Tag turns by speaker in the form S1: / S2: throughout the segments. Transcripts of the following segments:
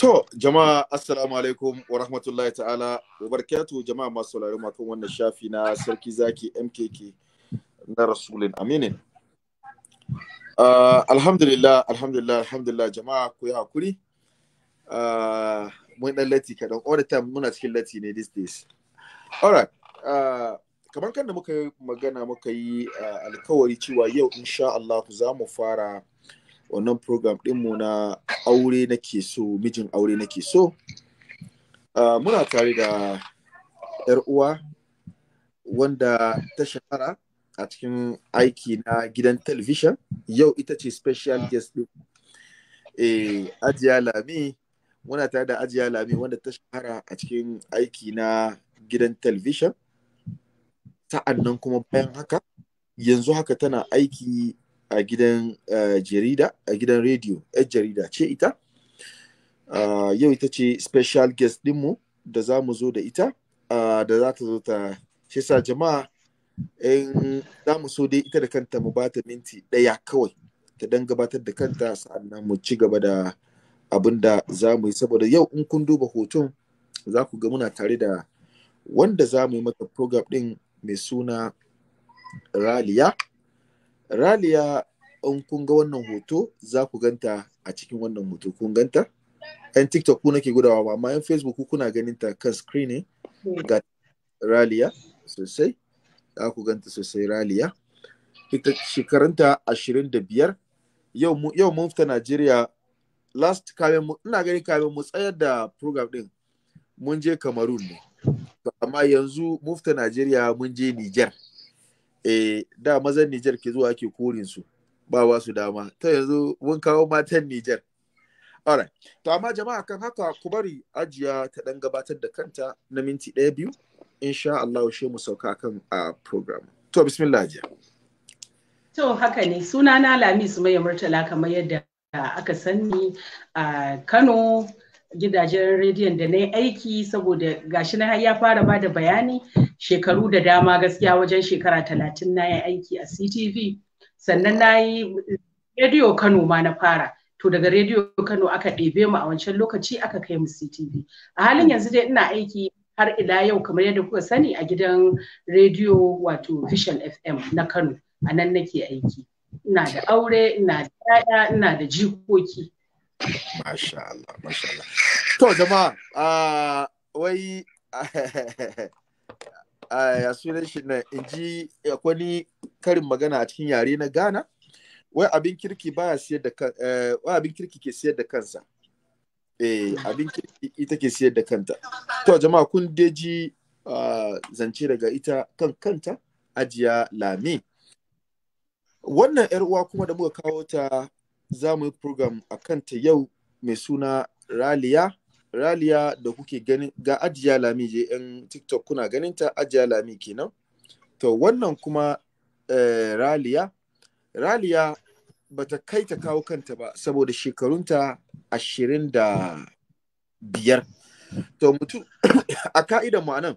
S1: To, jama'a assalamu alaikum wa rahmatullahi ta'ala wa jama'a masu saurari makon wannan shafi na sarki zaki MKK na Rasulun Aminin. Uh, ah, alhamdulillah, alhamdulillah, alhamdulillah jama'a ku yi hakuri. Uh, mun dan lati kaɗan, all the time muna cikin lati ne these days. Alright, uh, ah, kamar kan da muka yi magana muka yi uh, alkawari cewa yau insha Allah za mu fara wannan program mu na aure nake so mijin aure nake so muna tare da yar uwa wanda ta shahara a cikin aiki na gidan television yau ita ce special guest din eh ajiya lami muna tare da ajiya lami wanda ta shahara a cikin aiki na gidan television sa'an kuma bayan haka yanzu haka tana aiki a gidan eh, jarida a gidan rediyo yar jarida ce ita ah, yau ita ce special guest dinmu da za mu zo da ita ah, da za ta zo ta shi jama'a in za mu so dai ita da kanta mu ba ta minti ɗaya kawai ta dan gabatar da kanta sa'annan mu ci gaba da abin da za mu yi saboda yau in kun duba hoton za ku ga muna tare da wanda za mu yi mata program ɗin mai suna raliya Raliya in kun ga wannan hoto za ku ganta a cikin wannan hoto kun ganta? ‘Yan TikTok ku nake gudawa ba, amma ‘yan Facebook ku kuna ganin ta kan screening hmm. ga Raliya sosai, za ku ganta sosai Raliya. Ita shekarunta ashirin da biyar, yau mun fita Najeriya last kamin ina gani kamin mu tsayar da program din mun je Cameroon ne. Amma yanzu mufta Najeriya mun je Niger. eh da mazan Nijar ke zuwa ake korin su ba ba su dama ta yanzu mun kawo matan Nijar alright to amma jama'a kan haka ku bari ajiya ta dan gabatar da kanta na minti ɗaya biyu insha Allah shi mu sauka kan a program to bismillah ajiya
S2: to haka ne sunana Lami Sumayya Murtala kamar yadda aka sani a Kano gidajen rediyon da na yi aiki saboda gashi na ya fara ba da bayani shekaru da dama gaskiya wajen shekara talatin na yi aiki a ctv sannan na yi rediyo kano ma na fara to daga rediyo kano aka ɗebe mu a wancan lokaci aka kai mu ctv a halin yanzu dai ina aiki har ila yau kamar yadda kuka sani a gidan rediyo wato vision fm na kano a nan nake aiki ina da aure ina da
S1: 'ya'ya ina da
S2: jikoki
S1: Masha Allah, masha Allah. To jama'a, uh, wai ya sunan shi na in ji wani karin magana a cikin yare na Ghana, wai abin kirki baya siyar da eh, wai abin kirki ke siyar da kansa. Eh, abin kirki ita ke siyar da kanta. To jama'a kun deji zance daga ita kan kanta ajiya lami. Wannan 'yar uwa kuma da muka kawo ta za mu yi program a kanta yau mai suna raliya raliya da kuke ganin ga ajiya lami je yan tiktok kuna ganinta ajiya lami kenan to wannan kuma eh, raliya raliya ta kai ta kawo kanta ba saboda shekarunta ashirin da biyar to mutum a ka'idan mu anan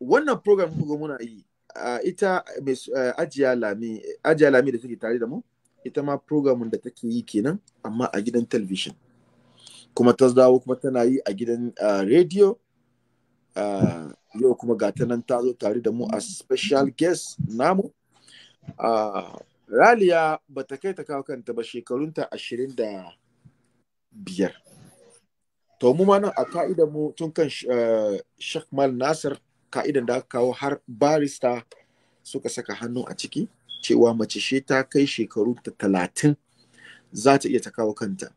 S1: wannan program kuka muna yi uh, ita uh, ajiya lami ajiya lami da suke tare da mu ita ma programun da take yi kenan amma a gidan television kuma ta dawo kuma tana yi a gidan ah, radio ah, yau kuma ga nan ta zo tare da mu a special guest namu ah, raliya ba ta kai ta kawo kanta ba shekarunta ashirin da biyar to mu ma nan a ka'idan mu tun kan shakmal eh, nasir ka'idan da aka kawo har barista suka saka hannu a ciki cewa mace she ta kai shekaru ta talatin za ta iya ta kawo kanta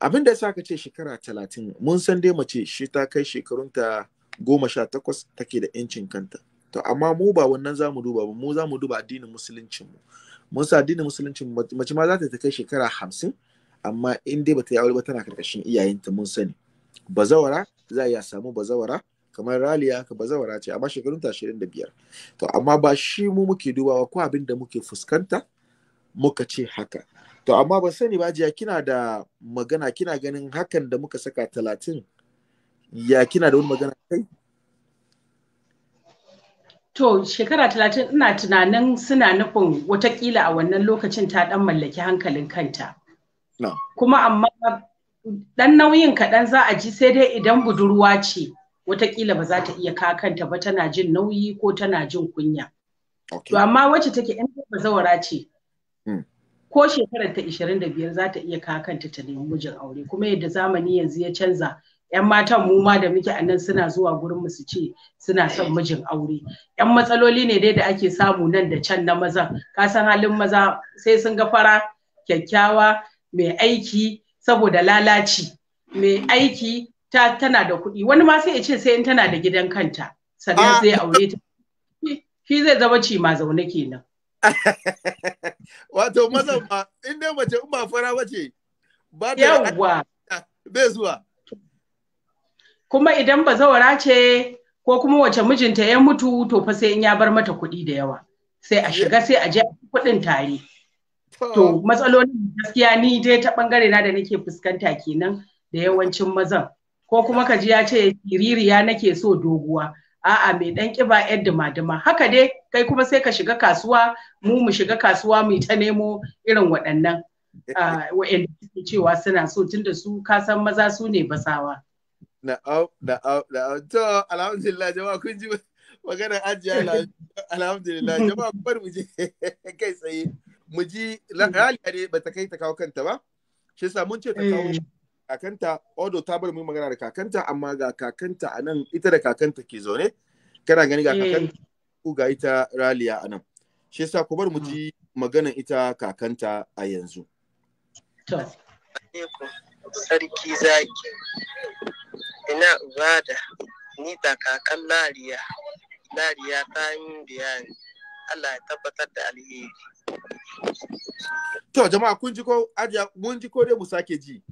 S1: abin da sa ka ce shekara talatin mun san dai mace she ta kai shekarun ta goma sha takwas take da 'yancin kanta to amma mu ba wannan za mu duba ba mu za mu duba addinin musuluncin mu mun sa addinin musuluncin mace ma za ta kai shekara hamsin amma in dai bata yi aure ba tana karkashin iyayenta mun sani bazawara za a iya samu bazawara kamar rally haka ba zawara ce amma shekarun ta 25 to amma ba shi mu muke dubawa ko abin da muke fuskanta muka ce haka to amma ba sani ba jiya kina da magana kina ganin hakan da muka saka 30 ya kina da wani magana kai
S2: To shekara talatin ina tunanin suna nufin watakila a wannan lokacin ta dan mallaki hankalin kanta. Kuma amma dan nauyin kaɗan za a ji sai dai idan budurwa ce Wataƙila ba za ta iya kakanta ba tana jin nauyi ko tana jin kunya. To amma wacce take ba zawara ce, hmm. ko shekarar ta 25 za ta iya kakanta ta nemi mijin aure kuma yadda zamani yanzu ya canza ‘yan matan mu ma da muke a nan suna zuwa gurin mu su ce suna son mijin aure. ‘Yan matsaloli ne dai da ake samu nan da can na mazan, ka san halin maza sai sun ga fara kyakkyawa mai aiki saboda lalaci. mai aiki ta tana da kuɗi wani ma sai ya ce sai in tana da gidan kanta sannan zai ah. aure ta shi zai zama ci ma zaune kenan
S1: wato mazan in dai mace in ba fara bace ba yawa bai zuwa
S2: kuma idan ba zawara ce ko kuma wace mijinta ya mutu to fa sai in ya bar mata kuɗi da yawa sai a shiga sai a je kuɗin tare
S3: to matsalolin
S2: gaskiya ni dai ta bangare na da nake fuskanta kenan da yawancin mazan ko kuma ka ji ya ce ririya nake so doguwa a'a mai dan kiba yar dima-dima haka dai kai kuma sai ka shiga kasuwa mu mu shiga kasuwa mu ta nemo irin waɗannan eh, eh. ah, wa'anda suke cewa suna so tunda su kasan maza su ne basawa
S1: na'am na'am na'am to alhamdulillah jama'a kun ji maganar ajiya alhamdulillah jama'a bar mu je kai tsaye mu ji lahali mm. ne ba ta kai ta kawo kanta ba shi yasa mun ce ta kawo eh. kakanta odo ta bar mu magana da kakanta amma ga kakanta a nan ita da kakanta ke zaune kana gani ga eh. kakanta ku ga ita raliya a nan shi yasa ku bar mu hmm. ji magana ita kakanta a yanzu
S4: to sarki zaki ina ubada ni da kakan lariya lariya ta yi bayani Allah ya tabbatar da alheri
S1: to jama'a kun ji ko ajiya mun ji ko dai mu sake ji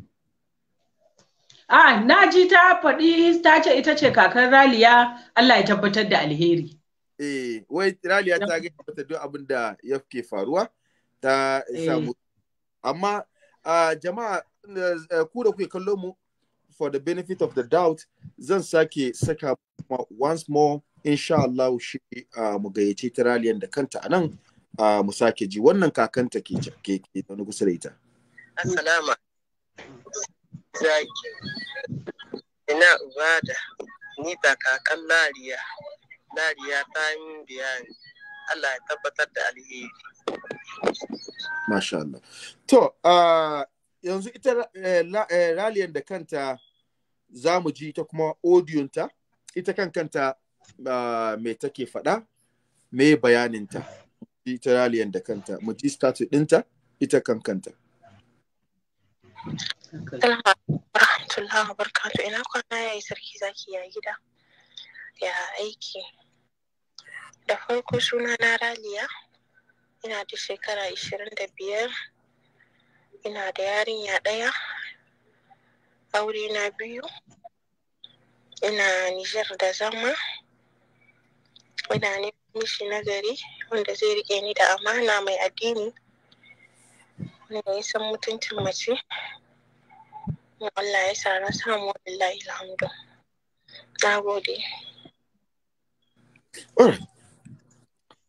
S1: a na ji ta faɗi
S2: ta ce ita ce kakar raliya Allah ya tabbatar da alheri
S1: eh wai raliya ta ga tabbatar duk abin da ya ke faruwa ta samu amma jama'a ku da kuke kallo mu for the benefit of the doubt zan sake saka once more insha Allah shi mu gayyace ta raliyan da kanta a nan mu sake ji wannan kakanta ke ke wani kusa da ita
S4: assalamu zaki ina ubada ni ba kakan lariya lariya ta min bayani Allah ya tabbatar da alheri
S1: Masha Allah. To, yanzu ita eh, eh da kanta za mu ji ta kuma odiyonta, ita kan kanta uh, me take faɗa, me bayaninta, ita raliyan da kanta, mu ji status ɗinta, ita kan kanta.
S5: Alhamdulillah barkatu ina kwana ya yi sarki zaki ya gida ya aiki. Da farko suna na Raliya ina da shekara ishirin da biyar ina da yarinya ɗaya aure na biyu ina Nijar da zama ina neman mishi nagari wanda zai riƙe ni da amana mai addini da ya san mutuncin mace Allah ya sa samu alhamdu
S1: na gode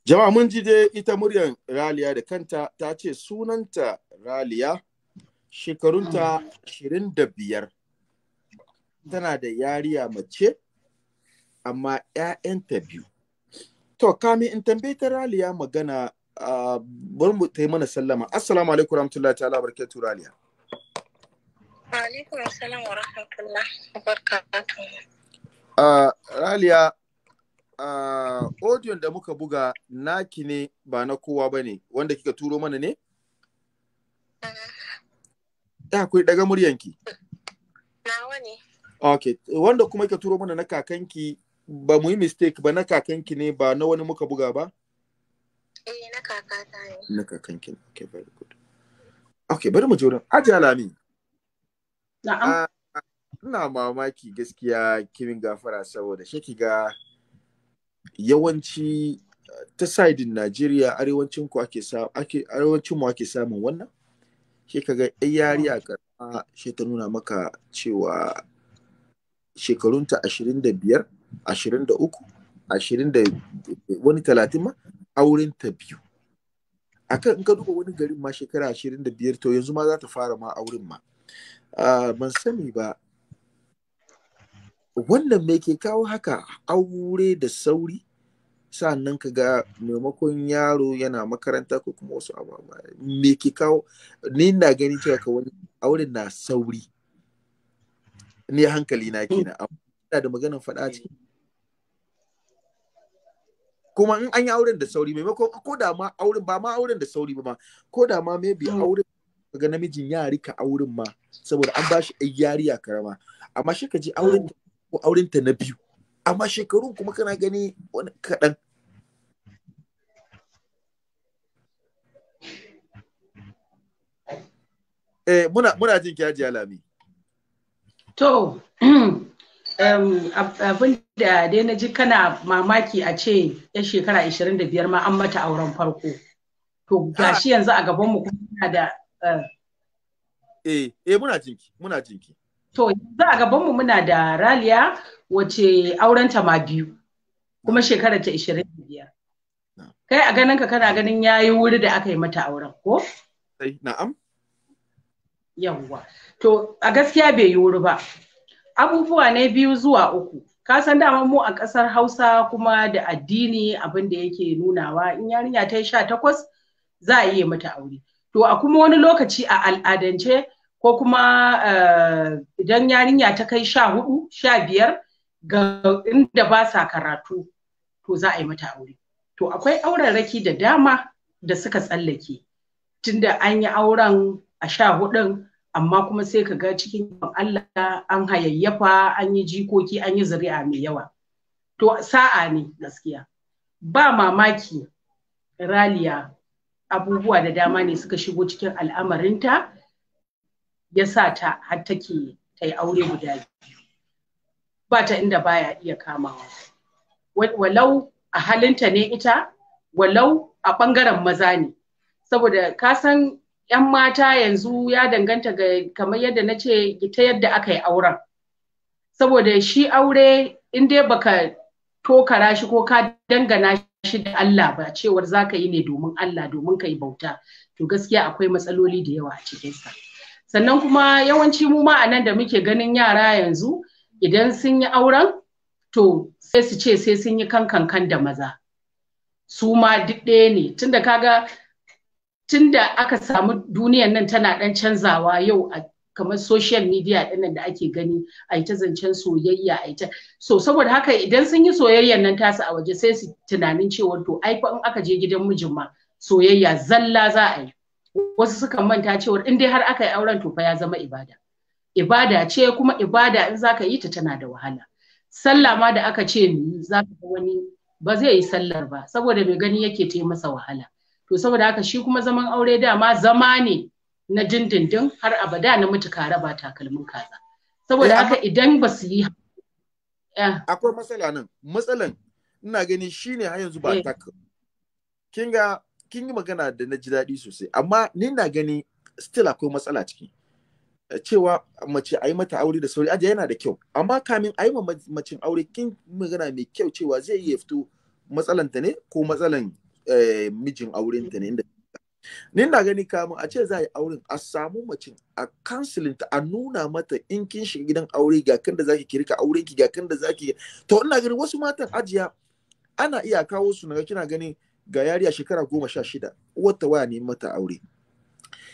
S1: jama'a mun ji dai ita muryar raliya da kanta ta ce sunanta raliya shekarunta shirin da biyar tana da yariya mace amma 'ya'yanta biyu to kamin in tambayi ta raliya magana bari mu ta yi mana sallama assalamu alaikum rahmatullahi ta'ala barke raliya
S5: alaikum assalam wa rahmatullahi barakatuh
S1: raliya odiyon da muka buga naki ne ba na kowa ba ne wanda kika turo mana ne? Ya eh, kuri daga muryanki. Nawa ne. Ok, wanda kuma kika turo mana na kakanki ba mu yi mistake ba na kakanki ne ba na wani muka buga ba? Eh na kakata ne. Na kakanki ne. Okay, very good. Okay, bari mu je wurin. Ajiya Lami. Na'am. Ah, ina mamaki gaskiya kimin gafara saboda shi ga yawanci eh, ta sidin Najeriya arewacin ku ake ake arewacin mu ake samun wannan shi kaga ɗan yari a karama shi ta nuna maka cewa shekarunta 25 23 ashirin da eh, wani talatin ma auren ta biyu akan in ka duba wani garin ma shekara ashirin da biyar to yanzu ma za ta fara ma auren ma ban sani ba wannan me ke kawo haka aure da sauri sannan ka ga maimakon yaro yana makaranta ko kuma wasu ababa me ke kawo ni na ganin cewa ka wani auren na sauri ni hankali na kenan amma da maganar faɗa cikin kuma in an yi auren da sauri maimakon ko da ma auren ba ma auren da sauri ba ko da ma maybe hmm. auren ga namijin ya rika auren ma saboda an ba shi yariya karama amma shi ka ji hmm. auren ko auren ta na biyu amma shekarun kuma kana gani wani kaɗan Eh, muna, muna jin kyaji alami. To,
S2: abin da dai na ji kana mamaki a ce ya shekara 25 ma an mata auren farko to gashi yanzu a gaban mu kuma da eh
S1: eh, eh muna jinki muna jinki
S2: to yanzu a gaban mu muna da Raliya wace aurenta ma biyu kuma shekarar ta 25 kai a ganin ka kana ganin yayi wuri da aka yi mata auren ko na'am yawwa to a gaskiya bai yi wuri ba abubuwa ne biyu zuwa uku ka san dama mu a ƙasar hausa kuma da addini abin da yake nunawa in yarinya ta yi sha takwas za a iya mata aure to a kuma wani lokaci a al'adance ko kuma eh, idan yarinya ta kai sha hudu sha biyar ga inda ba sa karatu to za a yi mata aure to akwai aurarraki da dama da suka tsallake tunda an yi auren a sha hudun amma kuma sai ka ga cikin Allah an hayayyafa an yi jikoki an yi zuri'a mai yawa to sa'a ne gaskiya ba mamaki raliya abubuwa da dama ne suka shigo cikin al'amarinta ya sa ta har ke, ta yi aure guda biyu ba ta inda baya iya kamawa walau a halinta ne ita walau a ɓangaren maza ne saboda ka san 'yan mata yanzu ya danganta ga kamar yadda na ce ta yadda aka yi auren saboda shi aure in dai baka tokara shi ko ka dangana shi da Allah ba cewar za ka yi ne domin Allah domin ka yi bauta to gaskiya akwai matsaloli da yawa a cikinsa sannan kuma yawanci mu ma a nan da muke ganin yara yanzu idan sun yi auren to sai su ce sai sun yi kankan da maza su ma duk ɗaya ne tunda kaga Tun da aka samu duniyan nan tana dan canzawa yau a kamar social media dinnan da ake gani a yi zancen soyayya a ta so saboda haka idan sun yi soyayyan nan tasu a waje sai su tunanin cewa to ai fa in aka je gidan mijin ma soyayya zalla za a yi wasu suka manta cewa in dai har aka yi auren to fa ya zama ibada ibada ce kuma ibada in zaka yi ta tana da wahala sallah ma da aka ce za ka wani ba zai yi sallar ba saboda mai gani yake ta yi masa wahala to saboda haka shi kuma zaman aure dama zama ne na dindindin har abada na mutu kare ba takalmin kaza saboda eh, haka idan ba su yi
S1: akwai matsala nan matsalan ina gani shine har yanzu ba eh. taka kin ga kin yi magana da na ji daɗi sosai amma ni ina gani still akwai matsala ciki eh, cewa mace a yi mata aure da sauri aje yana da kyau amma kamin a yi macen aure kin magana mai kyau cewa zai iya fito matsalan ta ne ko matsalan Eh, mijin auren ta ne inda ni na gani kamun a ce za a yi auren a samu macin a kansilin ta a nuna mata in kin shiga gidan aure ga kan da zaki kirka auren ki ga kan da zaki to ina gani wasu matan ajiya ana iya kawo su na kina gani ga yariya shekara goma sha shida wata waya ne mata aure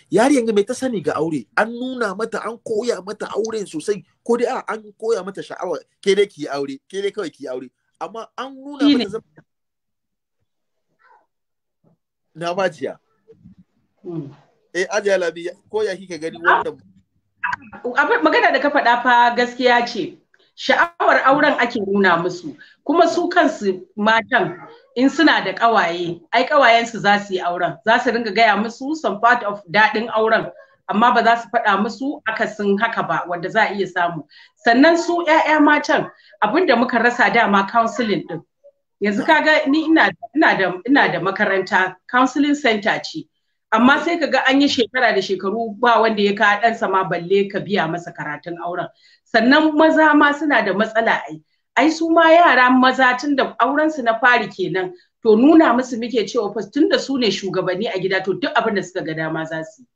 S1: yariyan ga mai ta sani ga aure an nuna mata an koya mata auren sosai ko dai an koya mata sha'awa ke dai ki aure ke dai kawai ki aure amma an nuna mata na majiya hmm. eh ajiya labi ko ya kike gani wanda magana da ka faɗa fa gaskiya ce sha'awar
S2: auren ake nuna musu kuma su kansu matan in suna da ƙawaye ai ƙawayensu za su yi auren za su ringa gaya musu some part of daɗin auren amma ba za su faɗa musu akasin haka ba wanda za a iya samu sannan su 'ya'ya matan abinda muka rasa dama counseling ɗin yanzu kaga ni ina da makaranta counseling center ce amma sai kaga an yi shekara da shekaru ba wanda ya kawo ɗansa ma balle ka biya masa karatun auren sannan maza ma suna da matsala ai ai su ma yara maza tun da auren su na fari kenan to nuna musu muke cewa fa tun da su ne shugabanni a gida to duk abin da suka ga dama za su yi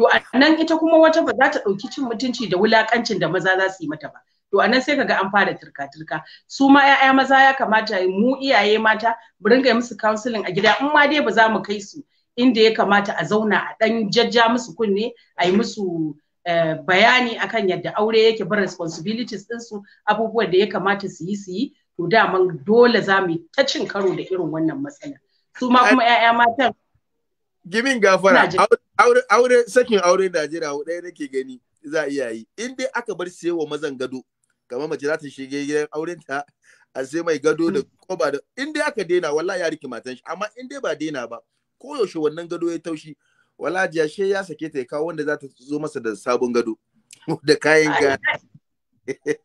S2: to a nan ita kuma wata ba za ta ɗauki cin mutunci da wulakancin da maza za su yi mata ba to anan sai kaga an fara turka-turka su ma ya'ya maza ya kamata mu iyaye mata mu ringa musu counseling a gida in ma dai ba za mu kai su inda ya kamata a zauna a dan jajja musu kunne a yi musu eh, bayani akan yadda aure yake bar responsibilities ɗinsu abubuwan da ya kamata su yi su yi to daman dole za mu ta cin karo da irin wannan matsala su ma kuma 'ya'ya matan
S1: gimin gafara aure sakin aure Najeriya ɗaya nake gani za a iya yi in dai aka bar siyewa mazan gado kamar mace za ta shige gidan aurenta a sai mai gado da koba da in dai aka daina wallahi ya riki matan shi amma in dai ba daina ba ko yaushe wannan gado ya taushi wala jiyashe ya sake ta kawo wanda za ta zo masa da sabon gado da kayan ga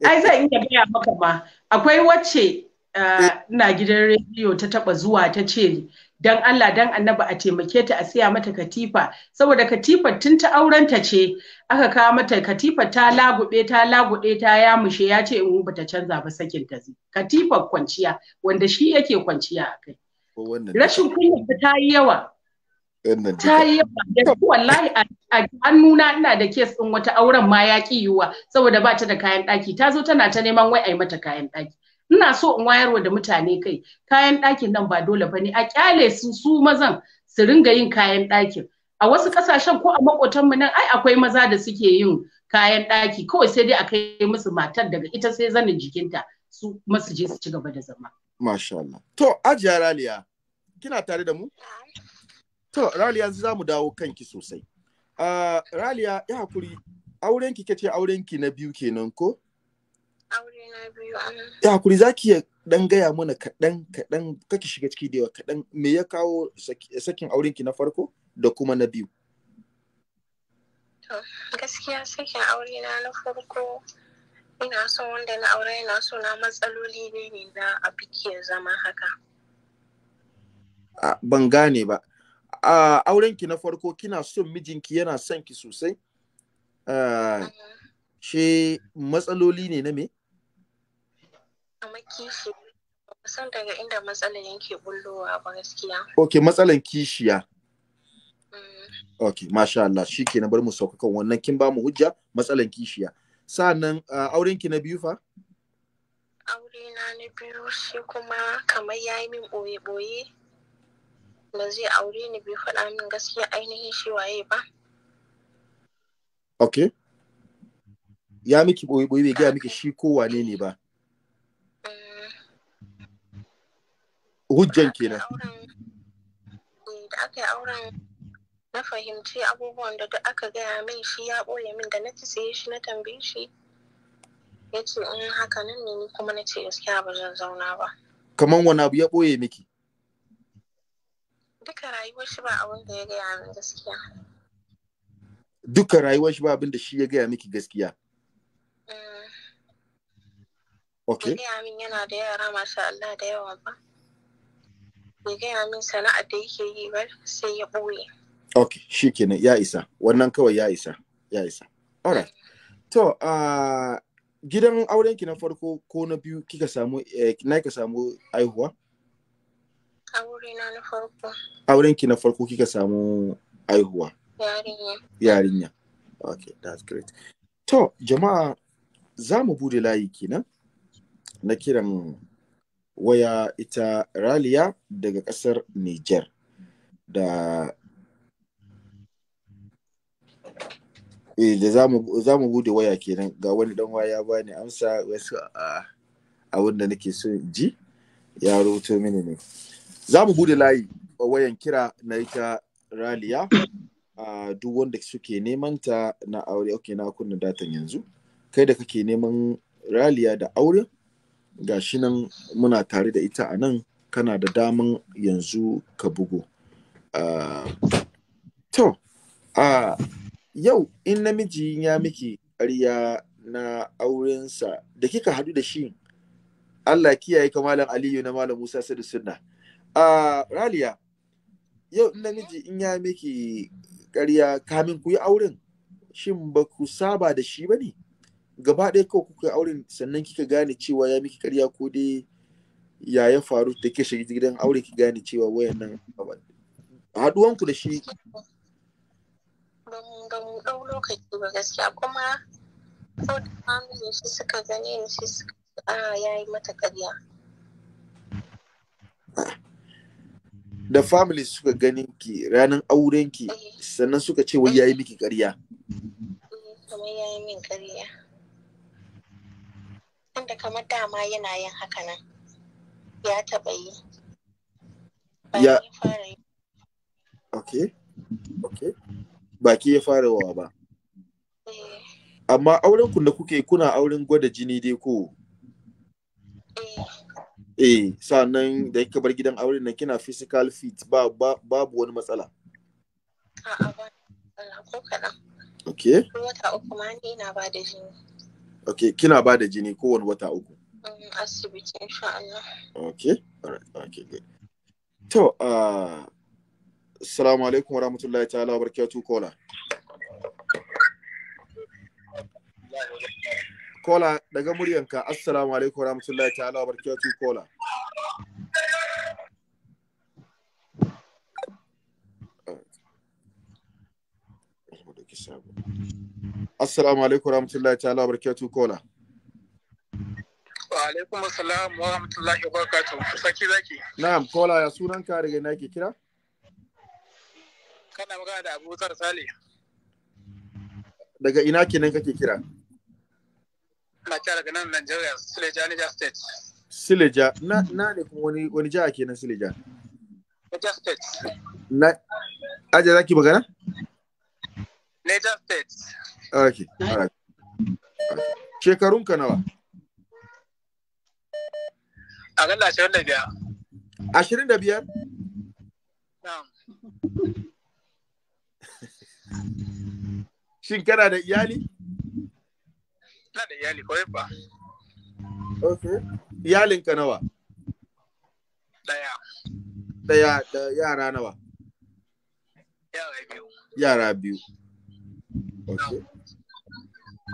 S1: ai zan iya gaya maka ma
S2: akwai wacce eh. ah, ina gidan rediyo ta taba zuwa ta ce dan Allah dan annabi a taimake ta a siya mata katifa saboda katifa tun ta aurenta ce aka kawo mata katifa ta lagube ta lagube ta yamushe ya ce in bata canza ba sakin ta katifa kwanciya wanda shi yake kwanciya a kai rashin kunya ta yi yawa ta yi yawa wallahi a hannuna ina da kes din wata auren ma ya ki yiwa saboda ba ta da kayan daki ta zo tana ta neman wai ai mata kayan daki ina so in wayar wa da mutane kai kayan ɗakin nan ba dole ba ne a kyale su su mazan su ringa yin kayan ɗakin a wasu ƙasashen ko a maƙotan mu nan ai akwai maza da suke yin kayan ɗaki kawai sai dai a kai musu matar daga ita sai zanin jikinta su masu je su ci gaba da zama.
S1: Masha Allah. To, Ajiya Raliya, kina tare da mu? To, Raliya za mu dawo kanki sosai. Uh, Raliya, ya hakuri, aurenki kace aurenki na biyu kenan ko? aure ah. ya hakuri zaki ya dan gaya mana kaɗan kaɗan kake shiga ciki da yawa kaɗan me ya kawo sakin auren ki na farko da kuma na biyu
S5: gaskiya sakin aure na na farko ina so wanda na aure yana so na matsaloli ne ne na a biki zama haka
S1: ban gane ba a auren ki na farko kina son mijinki yana son ki sosai ah, mm. shi matsaloli ne na me
S5: kamar kishi san daga inda matsalar yake bullowa ba gaskiya
S1: okay matsalar kishiya mm. okay masha Allah shi ke na bar mu saukakan wannan kin ba mu hujja matsalan kishiya sa'annan auren ki na biyu fa
S5: aure na na biyu shi kuma kamar yayi min boye boye ba zai aure ni bai faɗa min gaskiya ainihin shi waye ba
S1: okay ya miki boye boye bai gaya miki shi ko wane ne ba hujjan kenan da aka yi auren
S5: na fahimci abubuwan da duk aka gaya min shi ya ɓoye min da na ci tsaye shi na tambaye shi ya ce in mm, haka nan ne ni kuma na ce gaskiya ba zan zauna ba
S1: kaman wani abu ya ɓoye miki
S5: duka rayuwar shi ba abin da ya gaya min gaskiya
S1: duka rayuwar shi ba abin da shi ya gaya miki gaskiya mm. Okay. Ya
S5: gaya min yana da yara masu Allah da yawa ba. bai gaya min sana'ar da
S1: yake yi ba sai ya ɓoye. Ok, shi kenan ya isa, wannan kawai ya isa, ya isa. Alright. To, uh, gidan auren ki na farko ko na biyu kika samu, eh, na ka samu aihuwa?
S5: Aurena na farko.
S1: Auren ki na farko kika samu aihuwa? Yarinya. Yarinya. Ok, that's great. To, jama'a za mu bude layi kenan na kiran waya ita raliya daga ƙasar niger da eh, da za mu bude waya kenan ga wani dan waya ba amsa wasu a wanda nake so ji ya rubuto mini ne za mu bude layi a wayan kira na ita raliya a duk wanda suke neman ta na aure ok na kunna datan yanzu kai da kake neman raliya da aure Ga shi nan muna tare da ita a nan kana da daman yanzu ka bugu ah, to a ah, yau in namiji ya miki ƙarya na aurensa da kika haɗu da shi Allah kiyaye ka malam Aliyu na malam Musa Sadu Sunna A ah, Raliya yau in namiji in ya miki ƙarya kamin ku yi auren shin ba ku saba da shi ba ne gaba ɗaya kawai kuka auren sannan kika gane cewa ya miki karya ko dai ya ya faru da ke shiga gidan aure ki gane cewa wayan nan haɗuwan ku da shi ba mu ɗau lokaci
S5: ba gaskiya kuma sau da family shi suka gani ni shi suka a ah, ya yi mata karya
S1: da family suka ganin ki ranar aurenki, eh. sannan suka ce wai ya yi miki karya
S5: eh, kamar ya yi min karya wanda kamar dama yana yin haka nan ya taɓa yi
S1: ya ok Ba baki ya fara wa ba eh. amma auren ku da kuke kuna auren gwada jini dai ko eh, eh sannan da kika bar gidan auren nan, kina physical fit ba, babu wani matsala a'a ba ko kaɗan ok
S5: wata uku ma ni na ba da jini
S1: Okay, kina ba da jini kowane wata uku?
S5: Mm, asibiti, insha Allah.
S1: Okay, alright, okay, good. To, uh, Assalamu alaikum wa rahmatullahi ta'ala wa tu kola. Kola, daga muryanka, Assalamu alaikum wa rahmatullahi ta'ala wa tu kola. Right. Assalamu alaikum warahmatullahi ta'ala barakatuh kola.
S6: Wa alaikum assalam wa rahmatullahi wa barakatuh. Saki zaki.
S1: Na'am kola ya sunan ka daga ina ke kira?
S6: Kana magana da Abubakar Sale.
S1: Daga ina kenan kake kira?
S6: Na kira daga nan Nigeria, Sileja, Niger State.
S1: Sileja, na na ne kuma wani wani jiha kenan Sileja? Niger State. Na Aje zaki magana? Niger State. Ok. All right. Okay. Shekarunka nawa? Akalla ashirin da biyar. Ashirin da biyar? Shin kana da iyali? Na da iyali ko ba. Iyalin Iyalinka nawa? Daya. Daya da yara nawa? Yara biyu. Yara biyu. No.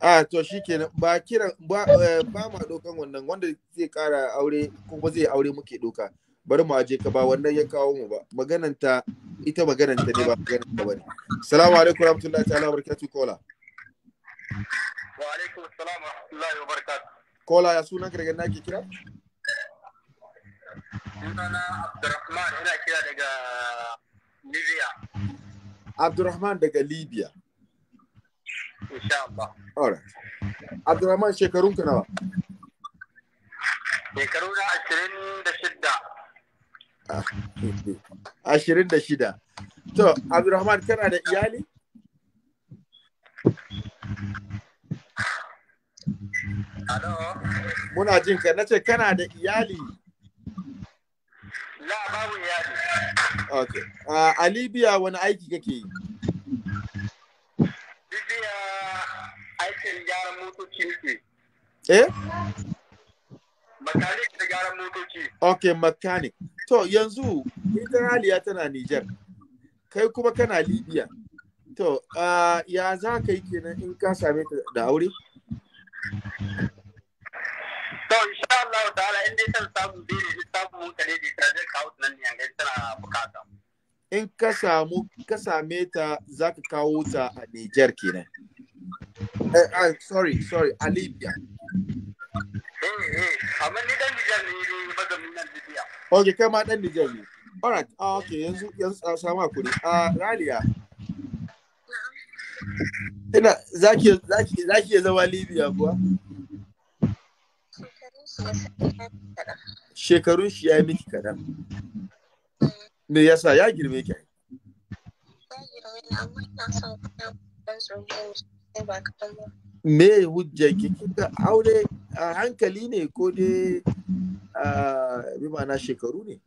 S1: a to shi kenan ba kiran ba eh, ma dokan wannan wanda zai kara aure kuma zai aure muke doka bari mu aje ka ba wannan ya kawo mu ba magananta ita magananta ne ba magananta ta bane
S7: salamu alaikum
S1: warahmatullahi ta'ala barakatuh kola wa alaikum assalam wa rahmatullahi wa barakatuh kola ya sunan ka daga na ke kira sunana abdurrahman ina kira daga libya abdurrahman daga libya
S4: Insha Allah. Alright.
S1: Abdurrahman nawa?
S4: Shekaru na ashirin da shida. Ah,
S1: ashirin da shida. To, Abdurrahman kana da iyali? Hello. Muna jin ka nace kana da iyali. La babu iyali. Okay. Uh, a Libya wani aiki kake yi? jiya aikin gyaran motoci ne. Eh? Mechanic da gyaran motoci. Ok, makanik. To, yanzu, ita Aliya tana Nijar, kai kuma kana Libya. To, uh, ya za ka yi kenan in ka same ta da aure? To, insha Allah ta'ala, in dai san samu dai samu mun kare da ta zai kawo nan ne a tana bukata. in ka samu ka same ta za ka kawo ta a Niger kenan. eh, ah, sorry, sorry, a Libya. Amma ni dan Niger ne mazamin nan Libya. Ok, kai ma dan Niger ne. Alright, ah, ok, yanzu yanzu a ah, samu hakuri. Ah, Raliya. Ina zaki zaki zaki ya zama Libya kuwa? Shekarun shi ya miki kadan. me yasa ya girme ki me hujja ki kika aure a hankali ne ko dai a bi ma'ana shekaru ne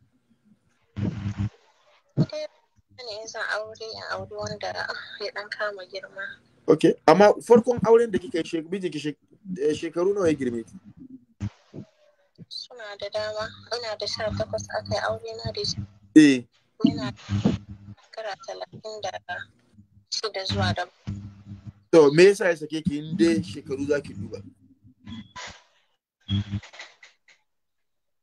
S1: Ok, amma farkon auren da kika yi eh, shekaru nawa ya girme ki?
S5: Suna da dama, ina da sha takwas aka yi aure na da eh talatin da zuwa
S1: to me yasa ya sake ki inda dai shekaru za ki duba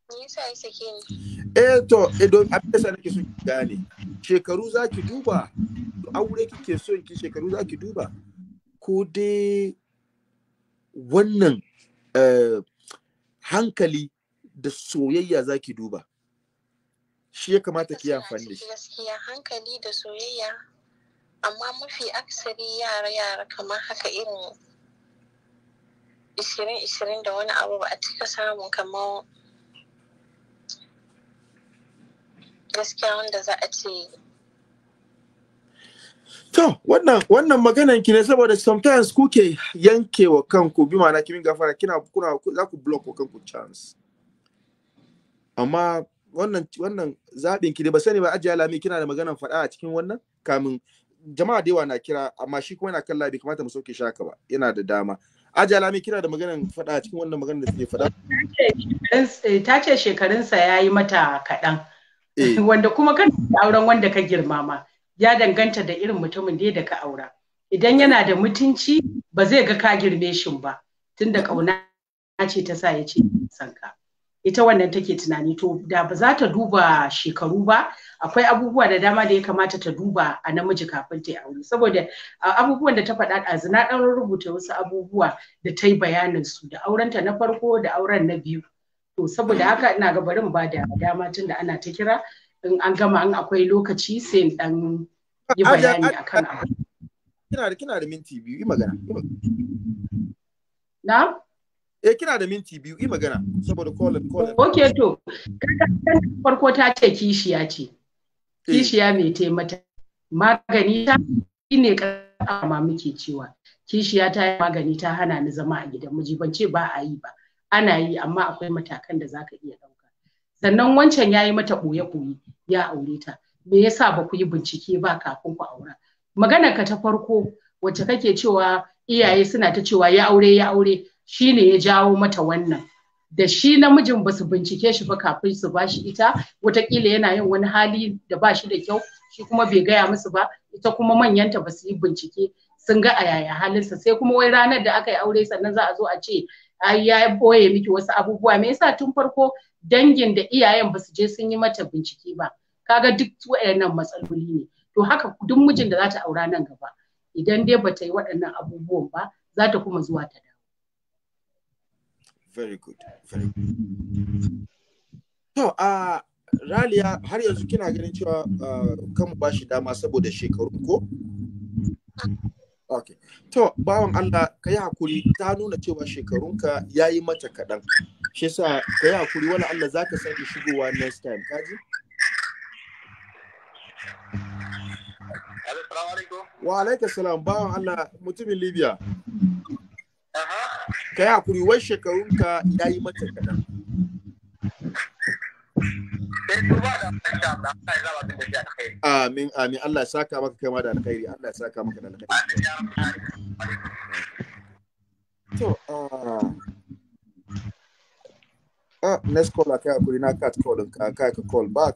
S5: Me yasa ya sake ni.
S1: Eh to, idan eh, abin da nake so ki gane, shekaru za ki duba, aure kike so ki shekaru za ki duba, ko dai wannan eh, hankali da soyayya za ki duba. shi ya kamata ki amfani da shi
S5: gaskiya hankali da soyayya amma mafi aksari yara yara kamar haka irin ishirin ishirin da wani abu ba a cika samun kamar gaskiya wanda za a ce
S1: To, wannan wannan maganan ki ne saboda sometimes kuke yanke wa kanku bi ma'ana kimin gafara kina kuna za ku block wa kanku chance. Amma wannan wannan zaɓin ki da ba sani ba ajiya lami kina da magana faɗa a cikin wannan kamin jama'a da yawa na kira amma shi kuma yana kan labi kamata mu sauke shaka ba yana da dama ajiya lami kina da magana faɗa a cikin wannan magana da take faɗa ta ce shekarunsa ya yi mata kaɗan eh. wanda kuma kan
S2: auren wanda ka girmama ya danganta da irin mutumin da ka aura idan yana da mutunci ba zai ga ka girme shi ba tunda ƙauna ce ta sa ya ce san ka ita wannan take tunani to da ba za ta duba shekaru ba akwai abubuwa da dama da ya kamata ta duba a namiji kafin ta yi aure saboda abubuwan da ta faɗa ɗazu na ɗan rubuta wasu abubuwa da ta yi bayanin su da aurenta na farko da auren na biyu to saboda haka ina ga mu ba da dama tun da ana ta kira in an gama an akwai
S1: lokaci sai in ɗan yi bayani akan abu. Kina da kina da minti biyu yi magana. Na? eh kina da minti biyu yi magana saboda call and call okay to farko ta ce kishiya ce eh.
S2: kishiya mai taimata magani ta ne ma muke cewa kishiya ta yi magani ta hana ni zama a gidan miji ban ce ba a yi ba ana yi amma akwai matakan da zaka iya ɗauka sannan wancan ya yi mata ɓoye-ɓoye ya aure ta me yasa ba ku yi bincike ba kafin ku aura magana ka ta farko wacce kake cewa iyaye suna ta cewa ya aure ya aure shi ne ya jawo mata wannan da shi namijin ba su bincike shi ba kafin su ba shi ita watakila yana yin wani hali da ba shi da kyau shi kuma bai gaya musu ba ita kuma manyanta ba su yi bincike sun ga a yaya halinsa sai kuma wai ranar da aka yi aure sannan za a zo a ce ai ya boye miki wasu abubuwa me yasa tun farko dangin da iyayen ba su je sun yi mata bincike ba kaga duk waɗannan matsaloli ne to haka duk mijin da za ta aura nan gaba idan dai ba ta yi waɗannan
S1: abubuwan ba za ta kuma zuwa ta da very good very
S3: good
S1: to a raliya har yanzu kina ganin cewa kan ba shi dama saboda shekarun ko Okay. To, bawan Allah, ka yi hakuri ta nuna cewa shekarunka ya yi mata kaɗan. Shi sa ka yi hakuri wani Allah za ka sake shigowa next time, kaji? Wa salam bawan Allah, mutumin Libya. ka yi hakuri wai ka ya yi mata kada. Amin, amin. Allah ya saka maka kai ma da alkhairi. Allah ya saka maka da alkhairi. To, ah, ah next call a kai hakuri na cut call ka kai ka call back.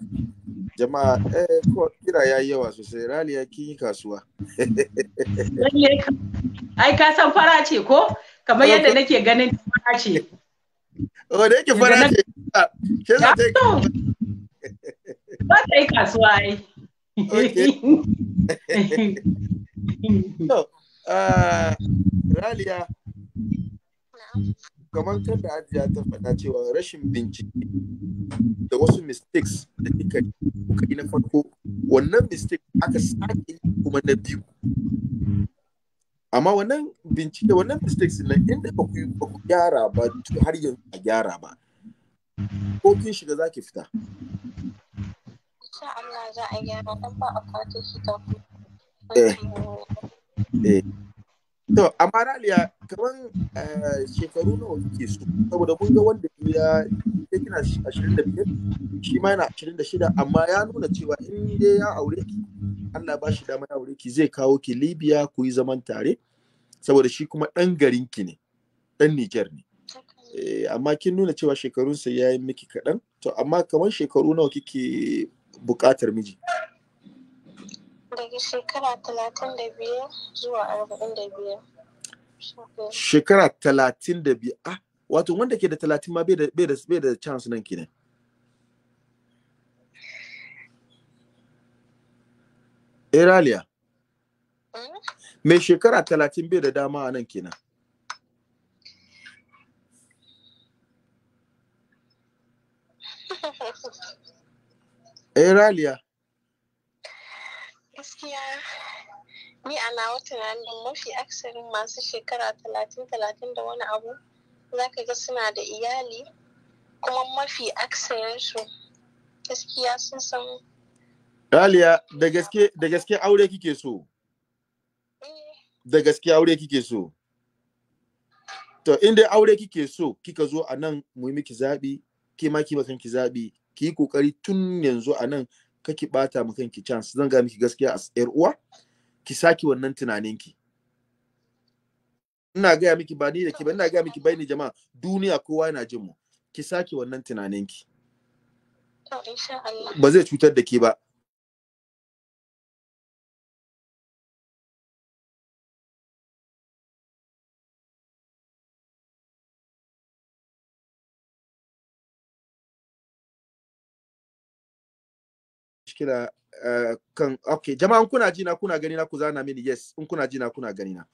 S1: Jama'a, eh, call kira ya yi yawa sosai. ya kin yi kasuwa.
S2: Ai, ka san fara ce ko? kamar yadda nake ganin fara ce o oh, da
S1: yake fara ce ke za ta yi ba ta yi kasuwa ai ah, Raliya, kamar kan da Ajiya ta faɗa cewa rashin bincike da wasu mistakes da kika yi na farko wannan mistake aka sake kuma na biyu amma wannan bincike wannan mistakes na inda ba ku gyara ba har yanzu a gyara ba ko kin shiga zaki fita
S3: insha Allah za
S5: a gyara dan ba a kwato shi ta ku.
S1: eh, eh. To, amma Raliya, kamar eh, shekaru nawa kuke so, saboda mun ga wanda ya ke kina ashirin biyar, shi ma yana ashirin da shida amma ya nuna cewa in dai ya aure ki, Allah ba shi damar ya aure ki zai kawo ki Libya ku yi zaman tare, saboda shi kuma ɗan garin ki ne, ɗan Niger ne. Eh, amma kin nuna cewa shekarunsa ya yi miki kaɗan, to amma kamar shekaru nawa kike buƙatar miji?
S5: daga shekara talatin da biyar zuwa arba'in da biyar
S1: shekara talatin da biyar ah wato wanda ke da talatin ma bai da chance nan kenan Eraliya. Hmm? Mai shekara talatin bai da dama a nan kenan. Eraliya.
S5: gaskiya ni a na tunanin mafi aksarin masu shekara talatin talatin da wani abu za ka ga suna da iyali kuma mafi aksarinsu gaskiya sun san
S1: Aliya da gaske da gaske aure kike so eh. da gaske aure kike so to inda aure kike so kika zo a nan muhimmi ki zaɓi ke ma ki ki zaɓi ki yi ƙoƙari tun yanzu a nan kake bata ma kanki chance zan ga miki gaskiya a yar uwa ki saki wannan tunanin ki ina gaya miki ba ni da ki ba ina gaya miki bai jama'a duniya kowa yana jin mu ki
S3: saki wannan tunanin ki ba zai cutar da ke ba mushkila
S1: uh, eh, kan okay jama'an kuna ji na kuna gani na ku zana mini yes in kuna ji na kuna gani na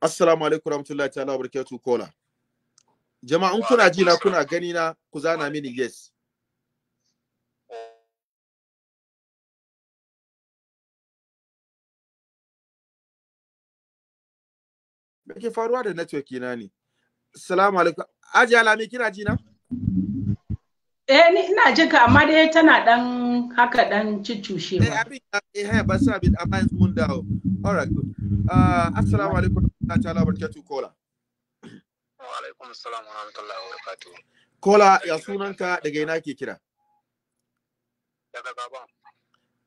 S1: assalamu alaikum warahmatullahi ta'ala wabarakatuh kola jama'an kuna ji na kuna
S3: gani na ku zana mini yes Me ke faruwa da network ina ne? Assalamu alaikum. Aji alami kina
S1: ji na?
S2: Eh ni ina jin ka amma dai tana dan haka dan ciccushe ba. Eh
S1: abin eh ha eh, ba sa abin amma yanzu mun dawo. All right good. Uh assalamu alaikum ta ta'ala barkatu kola. Wa alaikum assalam wa rahmatullahi wa barakatuh. Kola ya sunanka daga ina ke kira? Daga Gabon.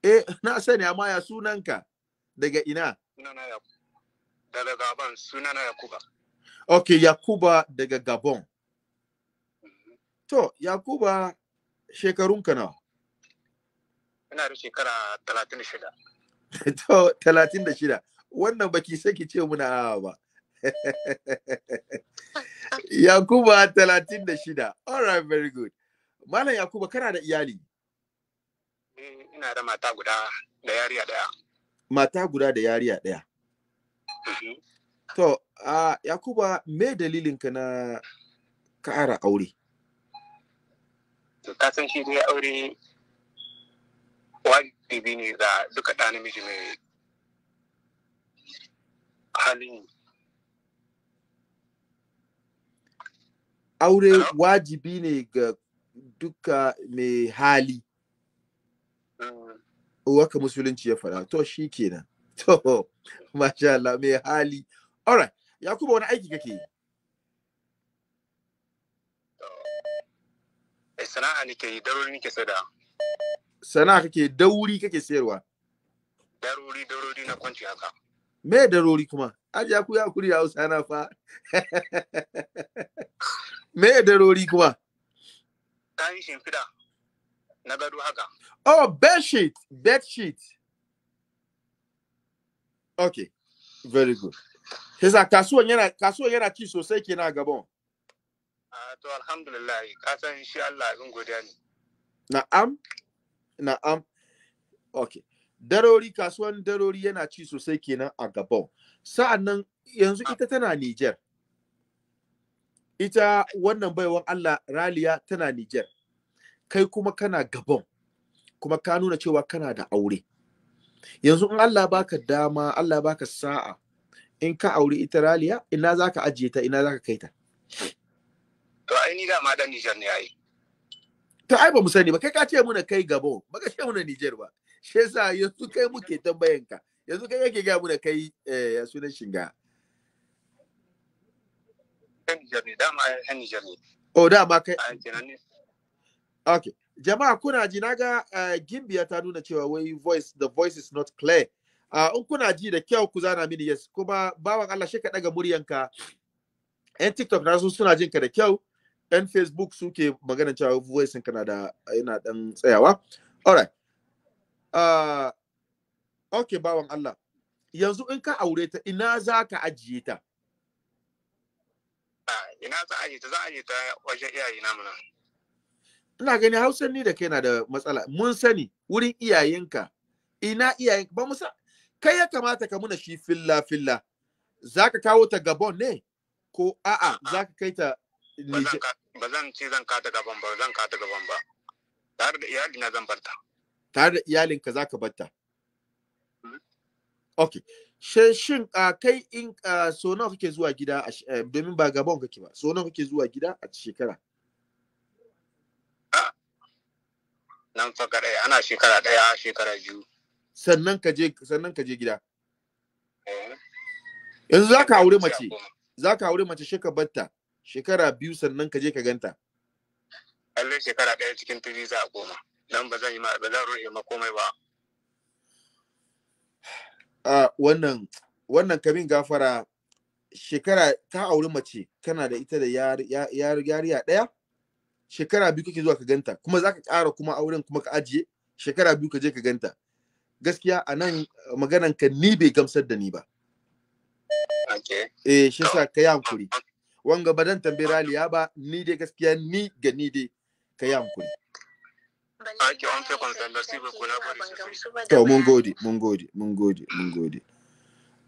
S1: Eh na sani amma ya sunanka daga ina?
S6: Sunana ya daga Gabon sunana Yakuba.
S1: Okay Yakuba daga Gabon. To, Yakuba shekarun ka nawa?
S6: Ina da shekara talatin da shida.
S1: To, talatin da shida. Wannan baki sai ki ce muna awa ba. Yakuba talatin da shida. All right, very good. Malam Yakuba kana da iyali?
S3: Eh,
S4: ina da mata guda da
S1: yariya daya. Mata guda da yariya daya. Mm-hmm. To, uh, Yakuba, me dalilinka na ƙara aure?
S4: to ka san shi dai aure wajibi ne ga duka ɗa namiji mai halin
S1: aure wajibi ne ga duka mai hali mm. waka musulunci ya fara to shi kenan to masha Allah mai hali alright yakuba wani aiki kake yi
S4: sana'a nake yi daruri nake sayarwa
S1: sana'a kake dauri kake sayarwa daruri daruri na kwanci haka me daruri kuma aji aku ya kuri hausa na fa me daruri kuma
S6: kayan shimfida na gado haka
S1: oh bed sheet bed sheet okay very good Kisa kasuwan yana kasuwan yana ci sosai kenan a Gabon. Ah, to
S6: alhamdulillah ka shi Allah abin godiya ne
S1: na'am na'am okay darori kasuwan darori yana ci sosai kenan a gabon sa'annan yanzu ita tana Niger ita wannan baiwan Allah Raliya tana Niger kai kuma kana gabon kuma ka nuna cewa kana da aure yanzu in Allah baka dama Allah baka sa'a in ka aure ita Raliya ina zaka ajiye ta ina zaka kaita to ai ni dama dan Niger ne yayi to ai ba mu sani ba kai ka ce muna kai gabo ba ka ce muna Nijar ba shi yasa yanzu kai muke tambayan ka yanzu kai yake ga muna kai eh sunan shinga
S4: dan Nijar ne dama ai ne
S1: oh, dama kai okay jama'a kuna ji na uh, gimbiya ta nuna cewa wai voice the voice is not clear uh, kuna ji da kyau ku zana mini yes kuma bawan Allah shi ka daga muryanka yan tiktok na su suna jin ka da kyau 'yan facebook suke magana cewa voice kana da yana dan tsayawa alright uh, ok bawan Allah yanzu in ka aure ta ina za ka ajiye ta
S6: ah, ina za a ajiye ta za a ajiye ta wajen iyaye
S1: na muna ina gani hausan ni da kai na da matsala mun sani wurin iyayenka ina iyayenka ba musa kai ya kamata ka muna shi filla filla za ka kawo ta gabon ne ko a'a za ka kai ta ba zan
S6: ce zan kata gaban ba zan kata gaban ba tare da iyali na zan barta
S1: tare da iyalin ka zaka barta hmm? okay she shin kai in so nawa kake zuwa gida eh, domin ba gabon kake ba so nawa kake zuwa gida a shekara
S4: ah. nan fa kadai ana shekara daya
S1: shekara biyu sannan ka je sannan ka je gida eh. yanzu zaka aure mace zaka aure mace shi ka barta shekara biyu sannan ka je ka ganta
S6: Allah shekara ɗaya cikin tv za a koma dan ba zan yi ba zan rufe ma komai ba
S1: a ah, wannan wannan kamin gafara shekara ka auri mace kana da ita da yariya ɗaya shekara biyu kake zuwa ka ganta kuma za ka ƙara kuma auren kuma ka ajiye shekara biyu ka je ka ganta gaskiya a nan maganan ka ni bai gamsar da ni ba eh shi sa ka yi hankuri ah, ah, wanga ba dan tambayi raliya ba ni dai gaskiya ni ga ni dai ka yi hankuri to mun gode mun gode mun gode mun gode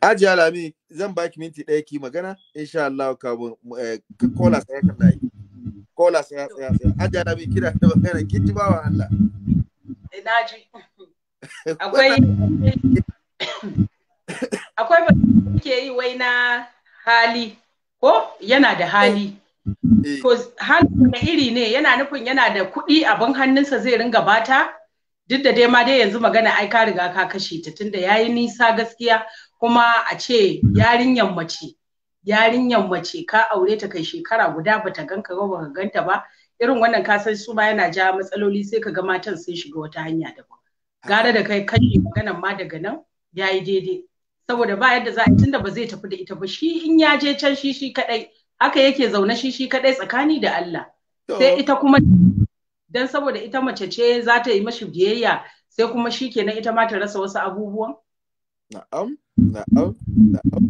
S1: aji alami zan baki minti ɗaya ki magana insha Allah ka kola sai kan dai kola sai sai sai aji alami kira da magana ki ji bawa Allah Inaji. Eh, akwai
S2: akwai ba ke yi wai na hali ko yana da hali ko eh. halin iri ne yana nufin yana da kuɗi abin hannunsa zai ringa bata duk da dai ma dai yanzu magana ai ka riga ka kashe ta tunda yayi nisa gaskiya kuma a ce yarinyan mace yarinyan mace ka aure ta kai shekara guda bata ganka ba baka ganta ba irin wannan ka san su ma yana ja matsaloli sai ka ga matan sun shiga wata hanya daban gara da kai kashe maganan ma daga nan yayi daidai saboda ba yadda za a tunda ba zai tafi da ita ba shi in ya je can shi shi kadai haka yake zaune shi shi kadai tsakani da Allah sai ita kuma dan saboda ita mace ce za ta yi mashi biyayya sai kuma shi kenan ita ma ta rasa wasu abubuwan
S1: na'am na'am na'am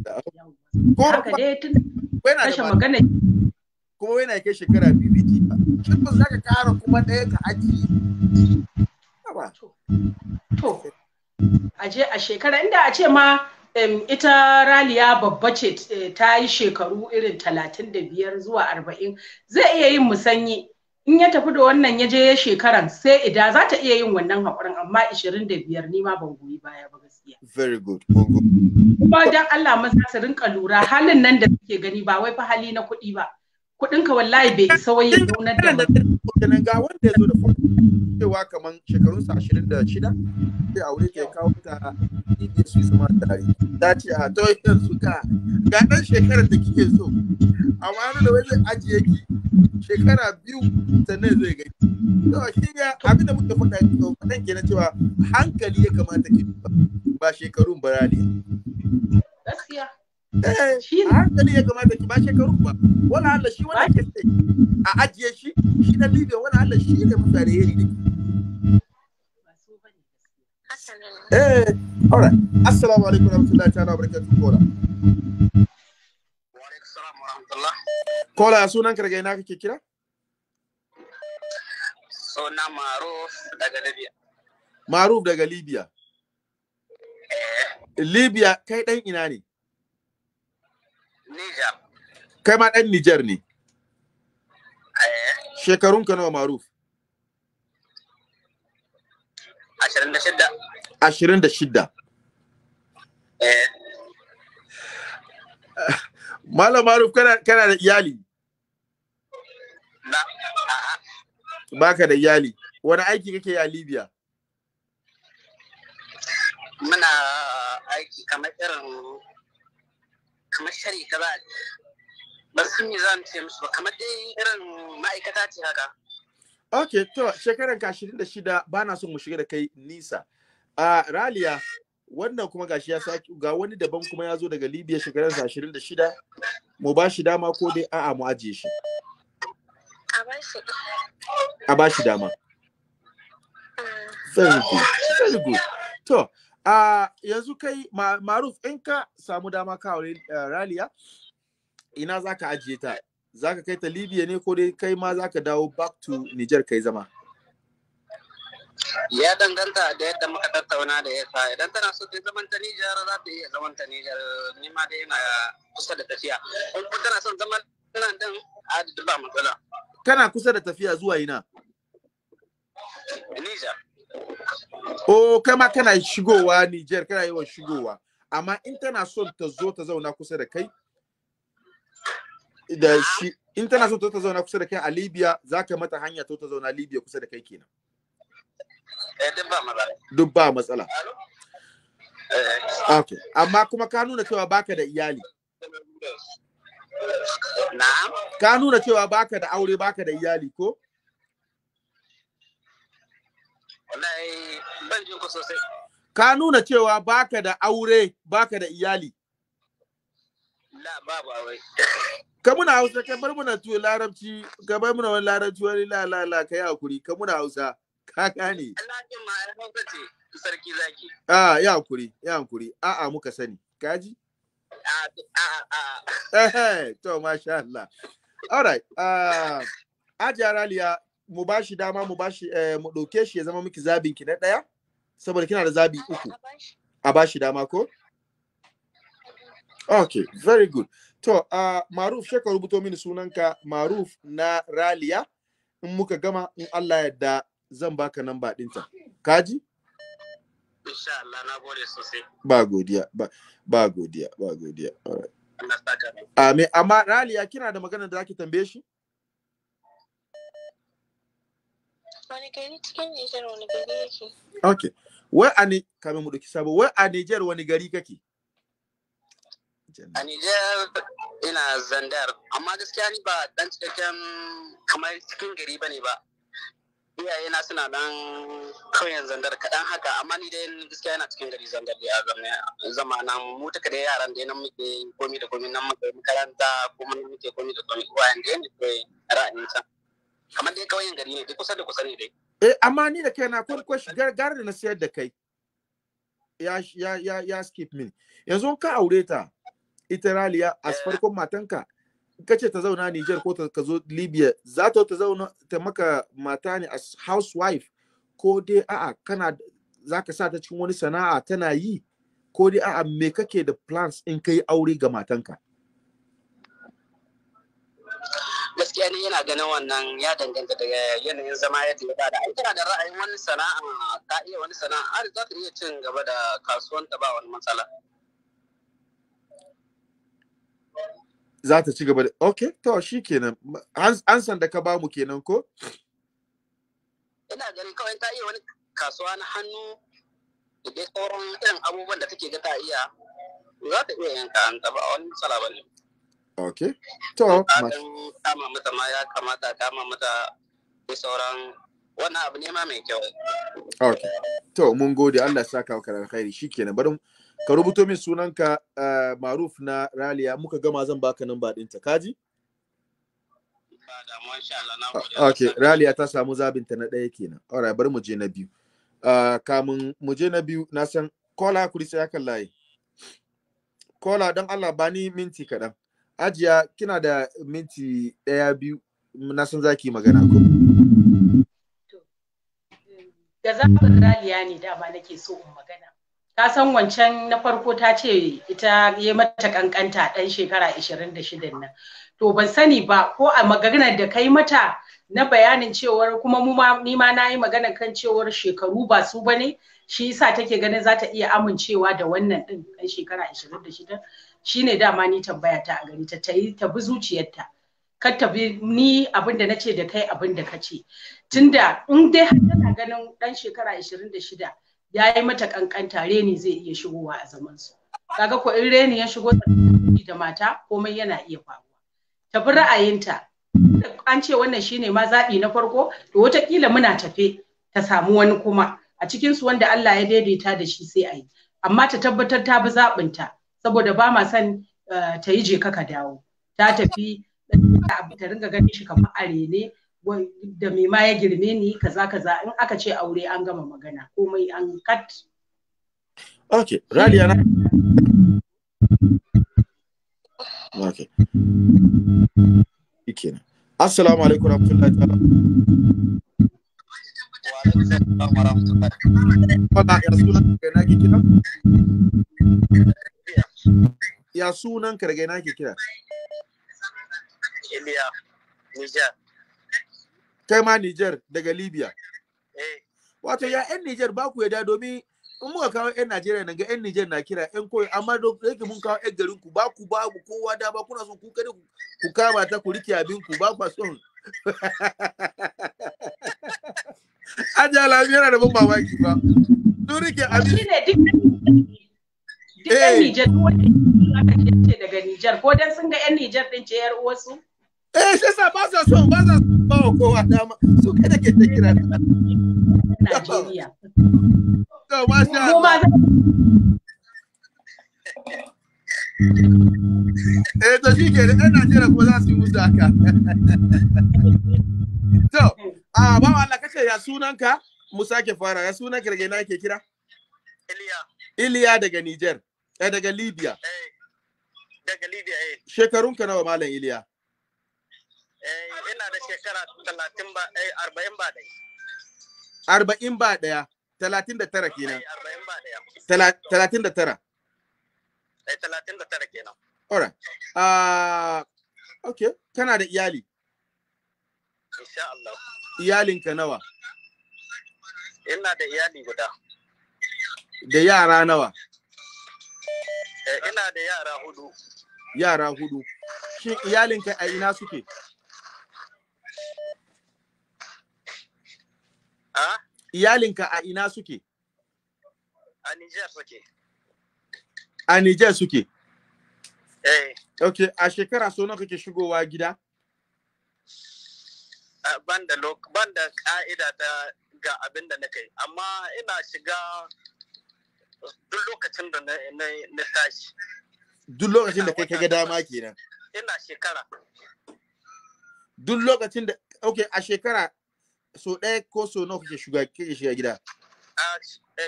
S3: na'am haka
S1: dai tun kuma yana kai shekara biyu bai ba shin ba za ka kara kuma ɗaya ka aji ba to
S2: a a shekara inda a ce ma ita raliya babba ce e, ta yi shekaru irin talatin da biyar zuwa arba'in zai iya yin musanyi in ya tafi da wannan ya je ya shekaran sai ida za ta iya yin wannan haƙurin amma 25 ni ma ban goyi baya ba gaskiya. Very good. Kuma don Allah maza su rinka lura halin nan da suke gani ba wai fa hali na kuɗi ba. kuɗin ka wallahi bai isa waye nunar da
S1: ga wanda ya zo da farko a to ka ga dan shekarar so amma ajiye ki biyu sannan zai gani to shi abin da muke faɗa to cewa hankali ya kamata ki ba shekarun gaskiya Eh, shi ne hankali ya kamata ki ba shekaru ba wani Allah shi wani ake sai a ajiye shi shi na libya wani Allah shi ne musa da yeri da Eh, all right. Assalamu alaikum warahmatullahi ta'ala barakatuh kola. Wa alaikum salam wa Kola sunan ka daga ina kake kira?
S4: Suna Maruf daga Libya.
S1: Maruf daga Libya. Eh. Libya kai dan ina ne? Niger. Kai ma ɗan Niger ne? Eh. Shekarun ka nawa Maruf?
S3: Ashirin da shidda.
S1: Ashirin da shidda. Eh. Malam Maruf kana da iyali? Baka da iyali. Wani aiki kake a Libya?
S4: Muna aiki kamar irin kamar shari ba su mi za ce musu ba kamar dai irin ma'aikata ce haka
S1: ok to shekaran ka da shida ba na son mu shiga da kai nisa a raliya wannan kuma gashi ya sa ga wani daban kuma ya zo daga libya shekaran sa ashirin da shida mu ba shi dama ko dai a'a mu ajiye shi a ba shi dama ah. very good very good to a yanzu kai maruf in ka samu dama ka aure eh, raliya ina za ka ajiye ta za ka kai ta libya ne ko dai kai ma za ka dawo back to niger kai zama
S4: ya danganta da yadda muka tattauna da sa idan tana so ta zaman ta niger za ta iya zaman ta niger ni ma dai ina kusa da tafiya in kuma tana son zaman tana din a ba matsala
S1: kana kusa da tafiya zuwa ina niger Oh, kama kana kana shigowa Niger, kana yawan shigowa. Amma in tana so ta zo ta zauna kusa da kai, da shi in tana so ta zauna kusa da kai a Libya, za ka mata hanya ta zauna Libya kusa da kai kenan. Eh, duk ba matsala. Duk ba matsala. Eh. Okay. Amma kuma ka nuna cewa baka da iyali.
S4: Na'am. Ka
S1: nuna cewa baka da aure, baka da iyali ko?
S4: wallahi ban jin ku sosai
S1: ka nuna cewa baka da aure baka da iyali
S4: la babu aure
S1: ka muna hausa ka bar muna tuwo larabci ka bar muna wani larabci wani la la la ka yi hakuri ka muna hausa ka gane
S4: sarki zaki
S1: ah ya hakuri ya hakuri a a muka sani kaji eh to masha Allah all right uh ah, ajara liya mu ba shi dama mu ba shi eh, mu ɗauke shi ya zama miki zabin ki na ɗaya saboda kina da zabi uku a ba shi dama ko okay very good to uh, maruf shi ka rubuto mini sunanka maruf na raliya in muka gama in Allah yadda zan baka nan ɗinta kaji
S4: insha Allah na gode sosai
S1: ba godiya ba ba godiya ba godiya all right Amin, amma Raliya kina da magana da zaki tambaye shi?
S5: wani gari cikin Nijar wani gari yake.
S1: Okay. Wai a a Nijar wani gari A
S4: Nijar ina Zandar amma gaskiya ni ba dan cikakken kamar cikin gari ba. suna dan kauyen Zandar kaɗan haka amma ni dai gaskiya yana cikin gari Zandar ya zama nan mu taka yaran nan muke da nan muke makaranta muke da da
S3: kamar dai yin gari ne kusa da kusa ne dai
S1: eh amma ni da kaina farko shigar gar da na sayar da kai ya skip min yanzu ka aure ta ita raliya a eh. farkon matanka kace ta zauna Niger ko ta zo Libya za ta ta zauna ta maka mata ne as housewife ko dai a'a kana zaka sa ta cikin wani sana'a tana yi ko dai a'a me kake da plans in kai aure ga matanka
S4: gaskiya ne yana ganin wannan ya danganta daga yanayin zama yadda ya bada ai tana da ra'ayin wani sana'a ka iya wani sana'a za ta iya cin gaba da kasuwanta ba wani matsala
S1: za ta ci gaba da ok to shi kenan an san da ka bamu kenan ko
S4: ina ganin kawai ta iya wani kasuwa na hannu da dai sauran irin abubuwan da take ga ta iya za ta iya yanka an ba wani matsala ba ne
S1: ok to
S4: kama mata ma ya kamata kama mata sauran wannan abu ne ma mai kyau
S1: ok to mun gode Allah sa ka karar khairi shikenan bari ka rubuto min sunanka eh, maruf na raliya muka gama zan baka namba ba ɗinta kaji ah, ok raliya ta samu zabinta na ɗaya kenan alright bari mu je na biyu ah, kamun mu je na biyu na san kola kuri sai akan layi kola don Allah ba ni minti kaɗan ajiya kina da minti ɗaya biyu na san zaki magana ko
S2: eh, da zaɓin raliya ne dama nake so in magana ka san wancan na farko ta ce ita ya mata kankanta ɗan shekara 26 nan to ban sani ba ko a maganar da kai mata na bayanin cewar kuma mu ni ma na yi magana kan cewar shekaru ba su bane shi yasa take ganin za ta iya amincewa da wannan ɗin ɗan shekara 26 shine dama ni tambaya ta a gari ta tayi ta bi zuciyarta kar ta bi ni abin da nace da kai abin da kace tunda in dai har tana ganin dan shekara 26 yi mata kankanta reni zai iya shigowa a zaman su kaga ko in reni ya shigo da mata komai yana iya faruwa ta bi ra'ayinta an ce wannan shine ma zaɓi na farko to watakila muna tafe ta samu wani kuma a cikin su wanda Allah ya daidaita da shi sai a yi amma ta tabbatar ta bi zaɓinta saboda ba ma san eh, ta yi je ka dawo ta tafi ta ringa ganin shi kamar are ne da mai ma ya girme ni kaza kaza in aka ce aure an gama magana komai an kat
S1: okay radiya na okay kenan assalamu alaikum
S3: rahmatullahi ta'ala Hola, ya sunan da na ke kiran?
S1: ya sunan Karge na ke kira
S4: Libya, Niger
S1: kai ma Niger daga Libya eh. wato ya yan Niger ba ku ya da domin in muka kawo yan Najeriya nan ga yan Niger na kira yan koyi amma da yake mun kawo yan garin ku ba ku ba ku kowa da ba kuna son ku kare ku kama ta ku rike abin ku ba ku son Aja yana da ban mamaki ba. Sun ke abin. Duk 'yan eh. Nijar wanda
S2: aka ce daga Nijar ko dan sun ga 'yan Nijar din ce yar uwarsu.
S1: Eh shi yasa ba sa son ba sa son ba kowa dama su kai ke ta kira. Najeriya. To masha Allah. Eh to shi ke ɗan Najeriya kuma za su yi musu haka. To, a ba Allah kace ya sunanka? Musa ke fara, ya sunanka daga ina ke kira? Iliya. Iliya daga Nijar. Eh daga Libya. Eh, daga Libya eh. Shekarun ka nawa Malam Iliya? Eh ina da shekara 30 ba eh 40 ba dai. 40 ba daya. 39 kenan. 40
S4: eh, ba daya.
S1: 39.
S4: Eh 39
S1: kenan. Alright. Ah uh, okay, kana da iyali? Insha Allah. Iyalinka nawa?
S4: Ina da iyali guda.
S1: Da yara nawa?
S4: Eh, ina da yara hudu.
S1: Yara hudu. Shin iyalinka a ina suke? Iyalinka a ina suke?
S4: A Nijar suke.
S1: A Nijar suke? Eh. Okay, a shekara so nawa kake shigowa gida?
S4: Ah, ban da ka'ida ta ga abin da na kai, amma ina shiga duk lokacin da na tashi duk
S1: lokacin da kai kage ga dama kenan
S4: ina shekara
S1: duk lokacin da okay a shekara so ɗaya ko so nawa kake shiga kake shiga gida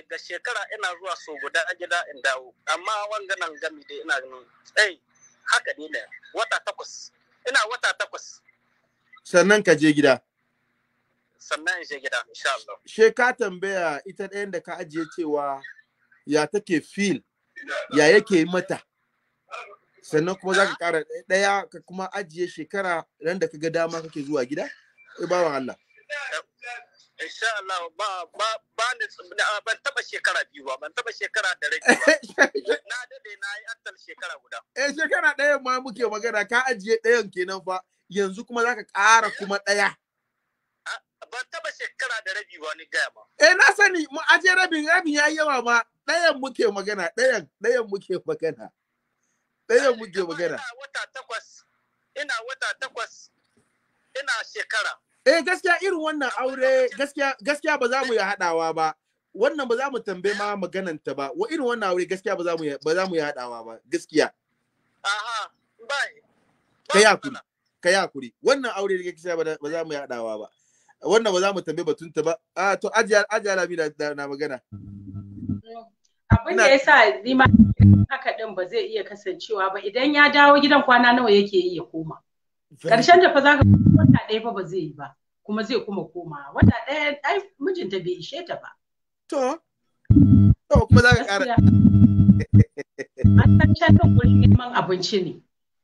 S4: ga shekara ina zuwa so guda a gida in dawo amma wanga nan gami dai ina ganin eh haka ne wata takwas ina wata takwas
S1: sannan ka je gida sannan in je gida insha Allah sheka tambaya ita ɗayan da ka ajiye cewa ya take feel ya yake mata sannan kuma za ka kara ɗaya ka kuma ajiye shekara ran da ka ga dama kake zuwa gida eh, ba Allah
S4: insha Allah ba ba ba ni ban taba shekara biyu ba ban taba shekara da rage ba na dade na yi asal shekara guda eh
S1: shekara ɗaya ma muke magana ka ajiye ɗayan kenan fa yanzu kuma zaka ƙara kuma ɗaya ban taba shekara da rabi ba ni gaya ma. Eh na sani mu aje rabin rabin yayi yawa ma ɗayan muke magana ɗayan ɗayan muke magana. Ɗayan muke magana. Ina wata takwas ina wata takwas ina shekara. Eh gaskiya irin wannan aure gaskiya gaskiya ba za mu ya haɗawa ba. Wannan ba za mu tambaye ma ta ba. Wa irin wannan aure gaskiya ba za mu ba za mu ya haɗawa ba gaskiya. Aha, bai. Kai hakuri. Kai hakuri. Wannan aure gaskiya ba za mu ya haɗawa ba. wannan ba za mu tambaye batun ta ba a to ajiya ajiya lami na magana
S2: abin da yasa ni ma haka din ba zai iya kasancewa ba idan ya dawo gidan kwana nawa yake yi ya koma karshen da fa za ka wata ɗaya fa ba zai yi ba kuma zai kuma koma wata ɗaya ai mijinta bai ishe ta ba to to kuma za ka ƙara an san can gurin neman abinci ne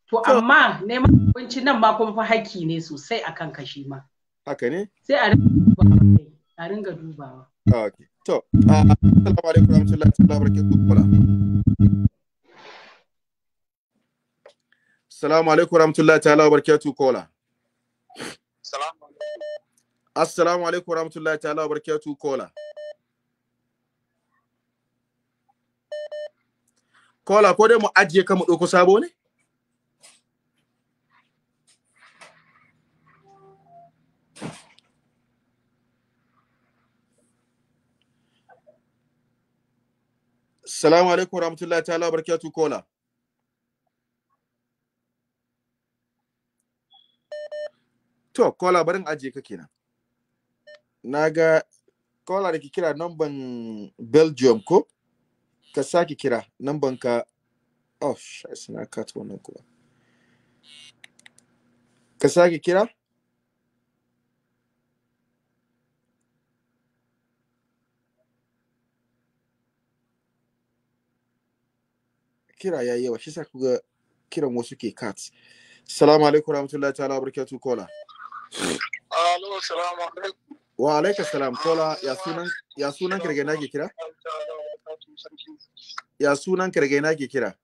S2: to amma neman abinci nan ma kuma fa haƙƙi ne sosai akan kashi ma haka ne sai a ringa dubawa
S1: okay to assalamu alaikum warahmatullahi ta'ala barakatuh Salamu alaikum rahmatullahi ta'ala wa barakatuh kola. Assalamu alaikum rahmatullahi ta'ala wa barakatuh kola. Kola ko dai mu ajiye ka mu ɗauko sabo ne? Assalamu alaikum wa rahmatullahi ta'ala wa barakatuh kola. To, kola barin ajiye ka kenan. Na ga kola da ke kira namban Belgium ko? Ka sake kira namban ka. Oh, shai suna kata wannan kuma. Ka sake kira? kira ya yi yawa shi sa ku ga kiran wasu ke cut salamu alaikum rahmatullahi ta'ala barakatu kola
S6: alo assalamu
S1: alaikum wa alaikum salam kola ya sunan ya sunan kirge na ke kira ya sunan kirge na ke kira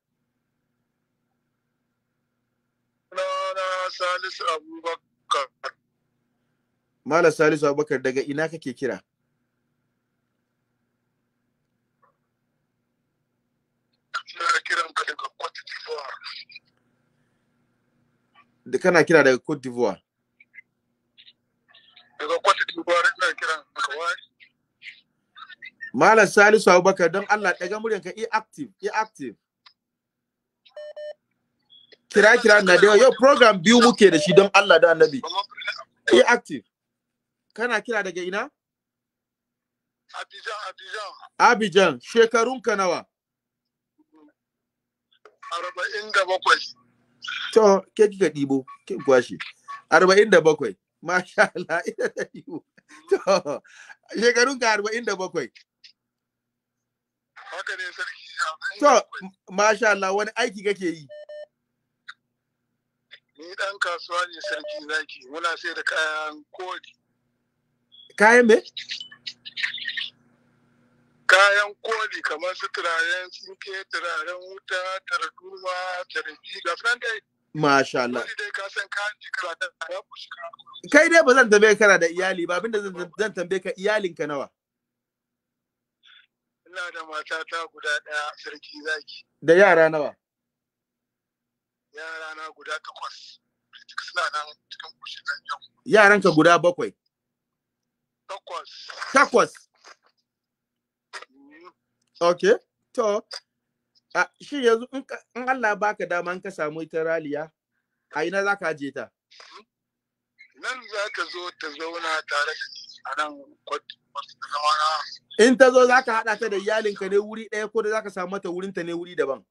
S6: Salisu Abubakar.
S1: Mala Salisu Abubakar daga ina kake kira? da kana kira daga Cote d'Ivoire daga Cote d'Ivoire ina kira kawai Malam Salisu Abubakar don Allah daga muryanka e active e active kira kira na da yau program biyu muke da shi don Allah da Annabi e active kana kira daga ina Abidjan Abidjan Abidjan shekarunka nawa 47 To, ke kika dibo ke kwashi 47 masha Allah, ina da dibo To, shekarun ka arba'in da Haka ne sarki. To, masha Allah, wani aiki kake yi?
S4: Ni dan kasuwa ne sarki zaki, muna sai da kayan kodi
S1: Kayan me? kayan koli kamar su turaren tsinke turaren wuta tarduma tarifi ga san dai Masha Allah. Kai dai ba zan tambaye kana da iyali ba abinda zan tambaye ka iyalinka nawa.
S6: Ina da matata guda ɗaya sarki zaki.
S1: Da yara nawa? Yara na guda takwas. Yaranka guda bakwai. Takwas. Takwas. Okay, to. a shi yanzu in Allah baka dama in ka samu ita raliya, a ina za ka je ta?
S6: Nan za ka zo ta zauna tare a nan
S1: In ta zo za ka haɗa ta da iyalinka ne wuri ɗaya ko da za ka samu mata wurinta ne wuri daban?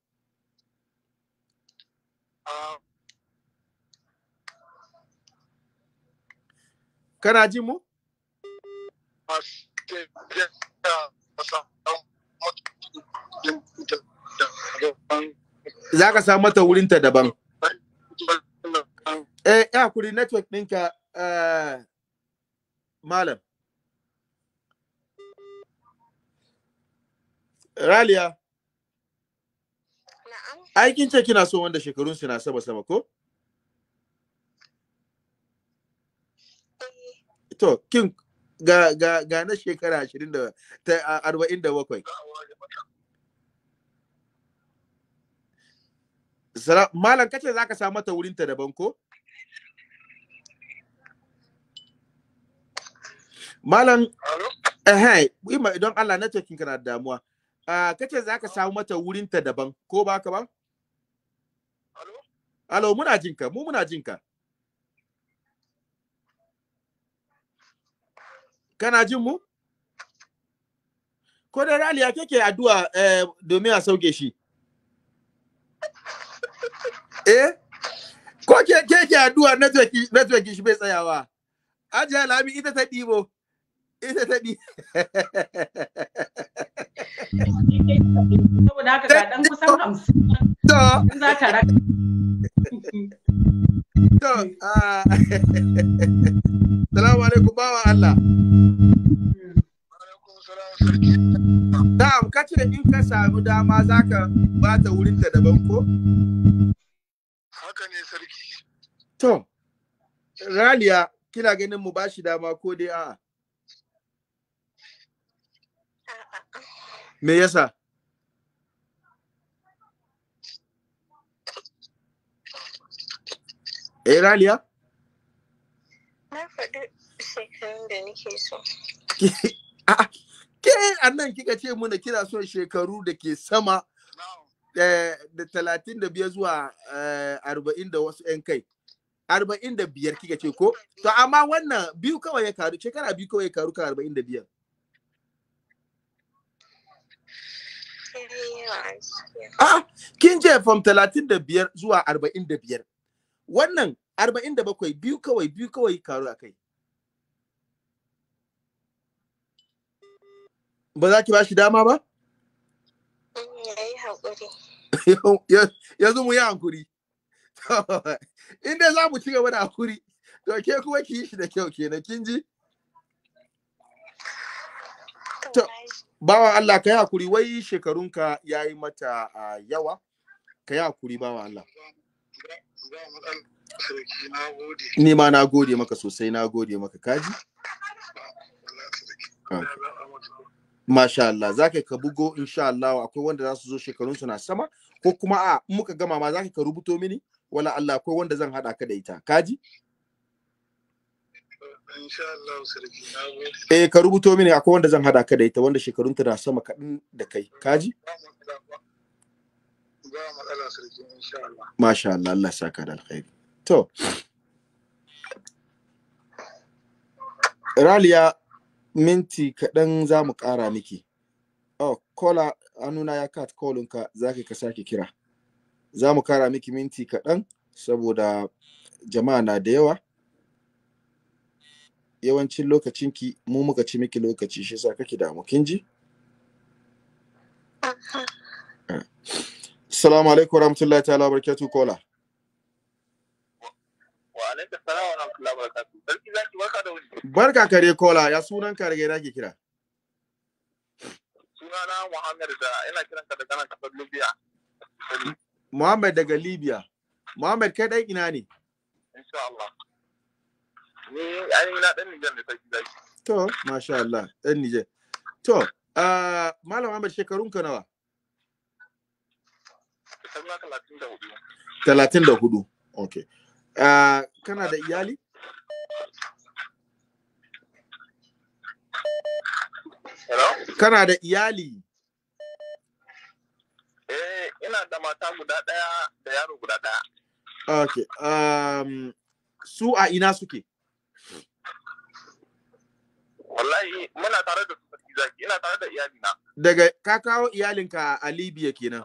S1: Kana ji mu? Masu za ka sa mata wurinta daban eh ya kuri network ɗinka eh, malam Raliya. Aikin ce kina so wanda shekarun su na saba sama ko? Eh. To, kin ga ga ga na shekara 20 da ta 47 malam kace zaka sa mata wurin ta daban ko malam eh eh don Allah na cikin kana damuwa Uh, kace za ka samu mata wurinta daban ko ba ka ba? Alo? Alo, muna jinka, mu muna jinka. kana jin mu ko da rali ya keke addu'a eh, domin a sauke shi eh ko ke keke addu'a network network shi bai tsayawa ajiya alami ita ta ɗibo ita ta ɗi
S3: saboda
S2: haka ga dan kusan
S3: 50 za ta raka To, ah.
S1: salamu alaikum bawa Allah. Na'am, ka ce in ka samu dama za ka ba ta wurin ta daban ko? Haka ne sarki. To, Raliya, kina ganin mu ba shi dama ko dai a'a? Me yasa? eh raliya na faɗi shekarun da nake so ke nan kika ce muna kina son shekaru da ke sama eh, da talatin da biyar zuwa eh, arba'in da wasu yan kai arba'in da biyar kika ce ko to amma wannan biyu kawai ya karu shekara biyu kawai ya karu kan arba'in da biyar
S3: eh,
S1: a kin je from talatin da biyar zuwa arba'in da biyar wannan 47 biyu kawai biyu kawai karu a kai ba za ki ba shi dama ba? Mm, ya zumu yi hankuri inda za mu ci gaba da hankuri to ke kuma ki yi shi da kyau kenan kin ji? bawan Allah ka yi hakuri wai shekarunka ya yi mata ah, yawa ka yi hakuri bawa Allah Ni ma na gode maka sosai, na gode maka kaji. Ah. Masha Allah, za ka bugo insha Allah akwai wanda za su zo shekarunsu na sama ko kuma a muka gama ma za ka rubuto mini wala Allah akwai wanda zan haɗa ka da ita, kaji? Eh ka rubuto mini akwai wanda zan haɗa ka da ita wanda shekarunta na sama kaɗan da kai, kaji? ba to Raliya minti kaɗan za mu ƙara miki. Oh, kola hannuna ya kat kolinka za ka sake kira. Za mu ƙara miki minti kaɗan saboda jama'a na da yawa. Yawancin lokacinki mu muka ci miki lokaci shi sa kake damu kin ji? Assalamu alaikum warahmatullahi ta'ala barakatuh kola.
S6: Wa alaikum salam wa rahmatullahi barakatuh. zaki barka da
S1: wuri. Barka kare kola, ya sunan ka rage nake kira.
S6: Sunana Muhammad da ina kiran ka daga nan kasar Libya.
S1: Muhammad daga Libya. Muhammad kai dan ina ne?
S6: Insha Allah. Ni ai na dan Niger ne sarki
S1: zaki. To, masha Allah, dan Niger. To, uh, Malam Ahmad shekarun ka nawa? talatin da hudu ok uh, kana da iyali Hello? kana da iyali
S6: eh ina da mata guda daya da yaro guda daya
S1: ok um, su a ina suke
S6: wallahi muna tare da su ina tare da iyalina
S1: daga ka kawo iyalinka a libya kenan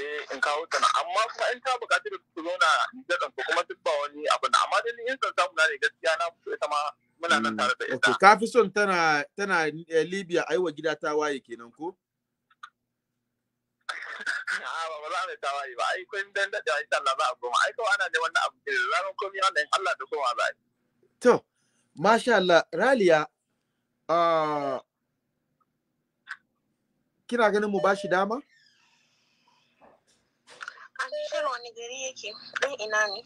S6: eh in kawo ta amma kuma in ta bukaci da su zauna da ɗan kuma duk ba wani abu na amma dai in san
S1: samu na ne gaskiya na ita ma muna nan mm, tare da ita ka fi son tana tana eh, Libya aiwa gida ta waye kenan ko
S6: ah, ba ba za mu ta waye ba ai kun dan da insha Allah za a goma ai kawai ana neman abu da ranar komai wannan Allah da kowa
S1: za to masha Allah Raliya ah, kina ganin mu bashi dama?
S5: Alheri wani gari yake ɗan ina ne.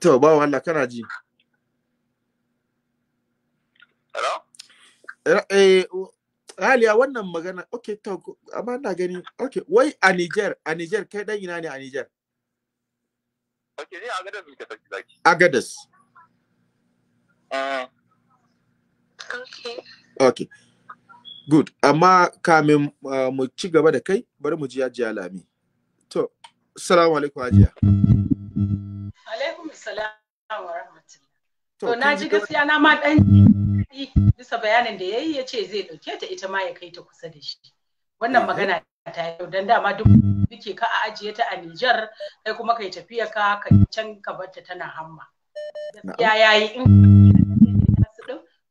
S1: To ba wallah kana ji. Hello? Eh, Aliya wannan magana, ok, to, amma na gani, ok, wai a Niger, a Niger, kai dan ina ne a Niger? Ok, ne Agadas muke tafi zaki. Agadas.
S6: Eh. Ok.
S1: Ok. Good, amma kamin ah, mu ci gaba da kai, bari mu ji ya ji alami. To, salamu alaikum ajiya.
S2: Alaikum salamu wa rahmatullah. To, na ji gaskiya na ma ɗan bisa bayanin da ya yi ya ce zai ɗauke ta ita ma ya kai ta kusa da shi. Wannan eh. magana ta yau don dama duk duke ka a ajiye ta a Nijar kai kuma kai tafiya ka ka can ka barta tana hamma.
S3: Ya yayi in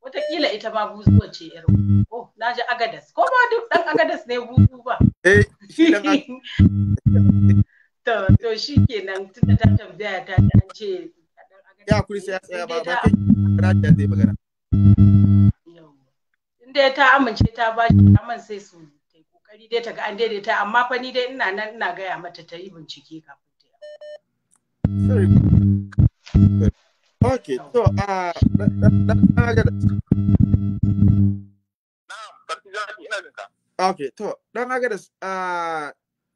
S2: watakila ita ma buzuwa ce
S3: irin. Oh,
S2: na ji agadas. Ko ma duk ɗan agadas ne buzu ba.
S3: Eh,
S2: To, to shi kenan tunda ta tambaya ta an ce ya kuri sai ya tsaya ba ba kai
S1: rajiya zai magana
S2: dai ta amince ta ba shi aman sai su kai kokari dai ta ga an daidaita amma fa ni dai ina nan ina gaya mata ta yi bincike kafin ta
S3: sorry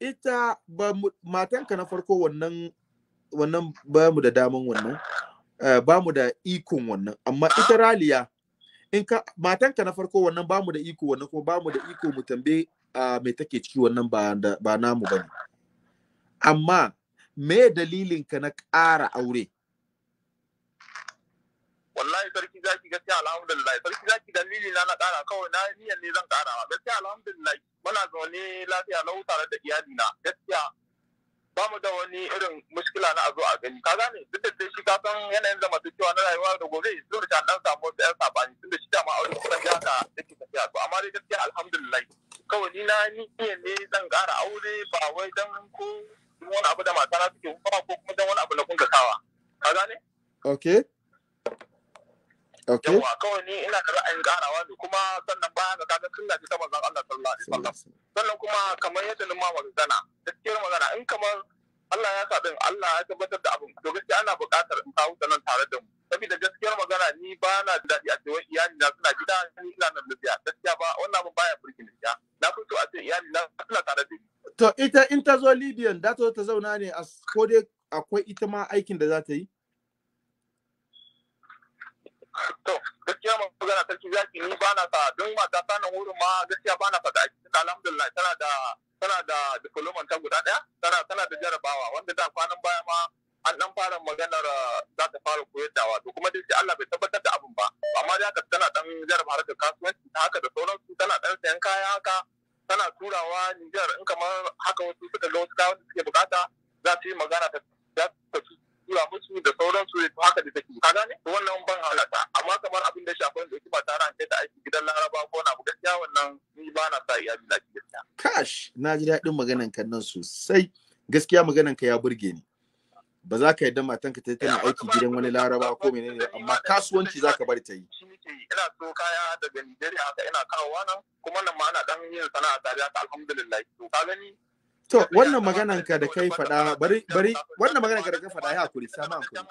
S1: ita ba matanka na farko wannan wannan ba mu da daman wannan eh, ba mu da ikon wannan amma ita raliya in ka matanka na farko wannan ba mu da iko wannan kuma ba mu da iko mu tambaye mai take ciki wannan ba namu ba ne amma me dalilin ka na ƙara aure
S6: wallahi sarki zaki gaskiya alhamdulillah sarki zaki dalili na na kara kawai na niyan ne zan kara gaskiya alhamdulillah muna zaune lafiya lau tare da iyali na gaskiya ba mu da wani irin muskila na azo a gani ka gane duk da shi ka san yanayin zamantakewa na rayuwa da gobe sun da dan samu wasu ba ni tun da shi ma aure kusan ya haka take tafiya to amma dai gaskiya alhamdulillah kawai ni na niyan ne zan kara aure ba wai dan ko wani abu da matana suke kuma ko kuma dan wani abu na kunga ka gane
S1: okay yawa kawai
S6: ni ina da ra'ayin karawa ne kuma sannan baya ga kaga sunna ce ta manzon Allah sallallahu alaihi wasallam sannan kuma kamar yadda nan ma magana gaskiyar magana in kamar Allah ya sa din Allah ya tabbatar da abin to gaskiya ana buƙatar in kawo nan tare da mu saboda gaskiyar magana ni ba na da daɗi a cewa iyali na suna gida ni ina nan lafiya
S1: gaskiya ba wannan abin baya burkin ya
S6: na fito a ce iyali
S1: na suna tare da ni to ita in ta zo Libyan da ta ta zauna ne a ko dai akwai ita ma aikin da za ta yi
S6: to gaskiya magana sarki zaki ni bana na don mata ta nan wurin ma gaskiya ba na faɗa alhamdulillah tana da tana da diploma ta guda ɗaya tana tana da jarabawa wanda da kwanan baya ma an dan fara maganar za ta fara koyar da wato kuma dai Allah bai tabbatar da abin ba amma dai haka tana dan jaraba harka kasuwanci ta haka da sauransu tana dan sayan kaya haka tana turawa Nijar in kamar haka wasu suka ga wasu kaya wanda suke bukata za su yi magana ta tura musu da sauransu haka da take ka gane wannan ban halata amma kamar abin da shafi wanda yake ba tare an kai da aiki gidan laraba ko na gaskiya wannan ni ba na sa iya bi da gaskiya
S1: kash na ji daɗin maganan kan nan sosai gaskiya maganan ka ya burge ni ba za ka yarda matanka ta tana eh, aiki gidan wani laraba ko menene amma kasuwanci za ka bari ta yi ina so
S6: kaya daga Nigeria haka
S1: ina kawowa nan kuma nan ma ana dan yin sana'a tare haka alhamdulillah to ka gani To wannan maganan ka da kai faɗa bari bari wannan maganan ka da kai faɗa ya hakuri sama hakuri.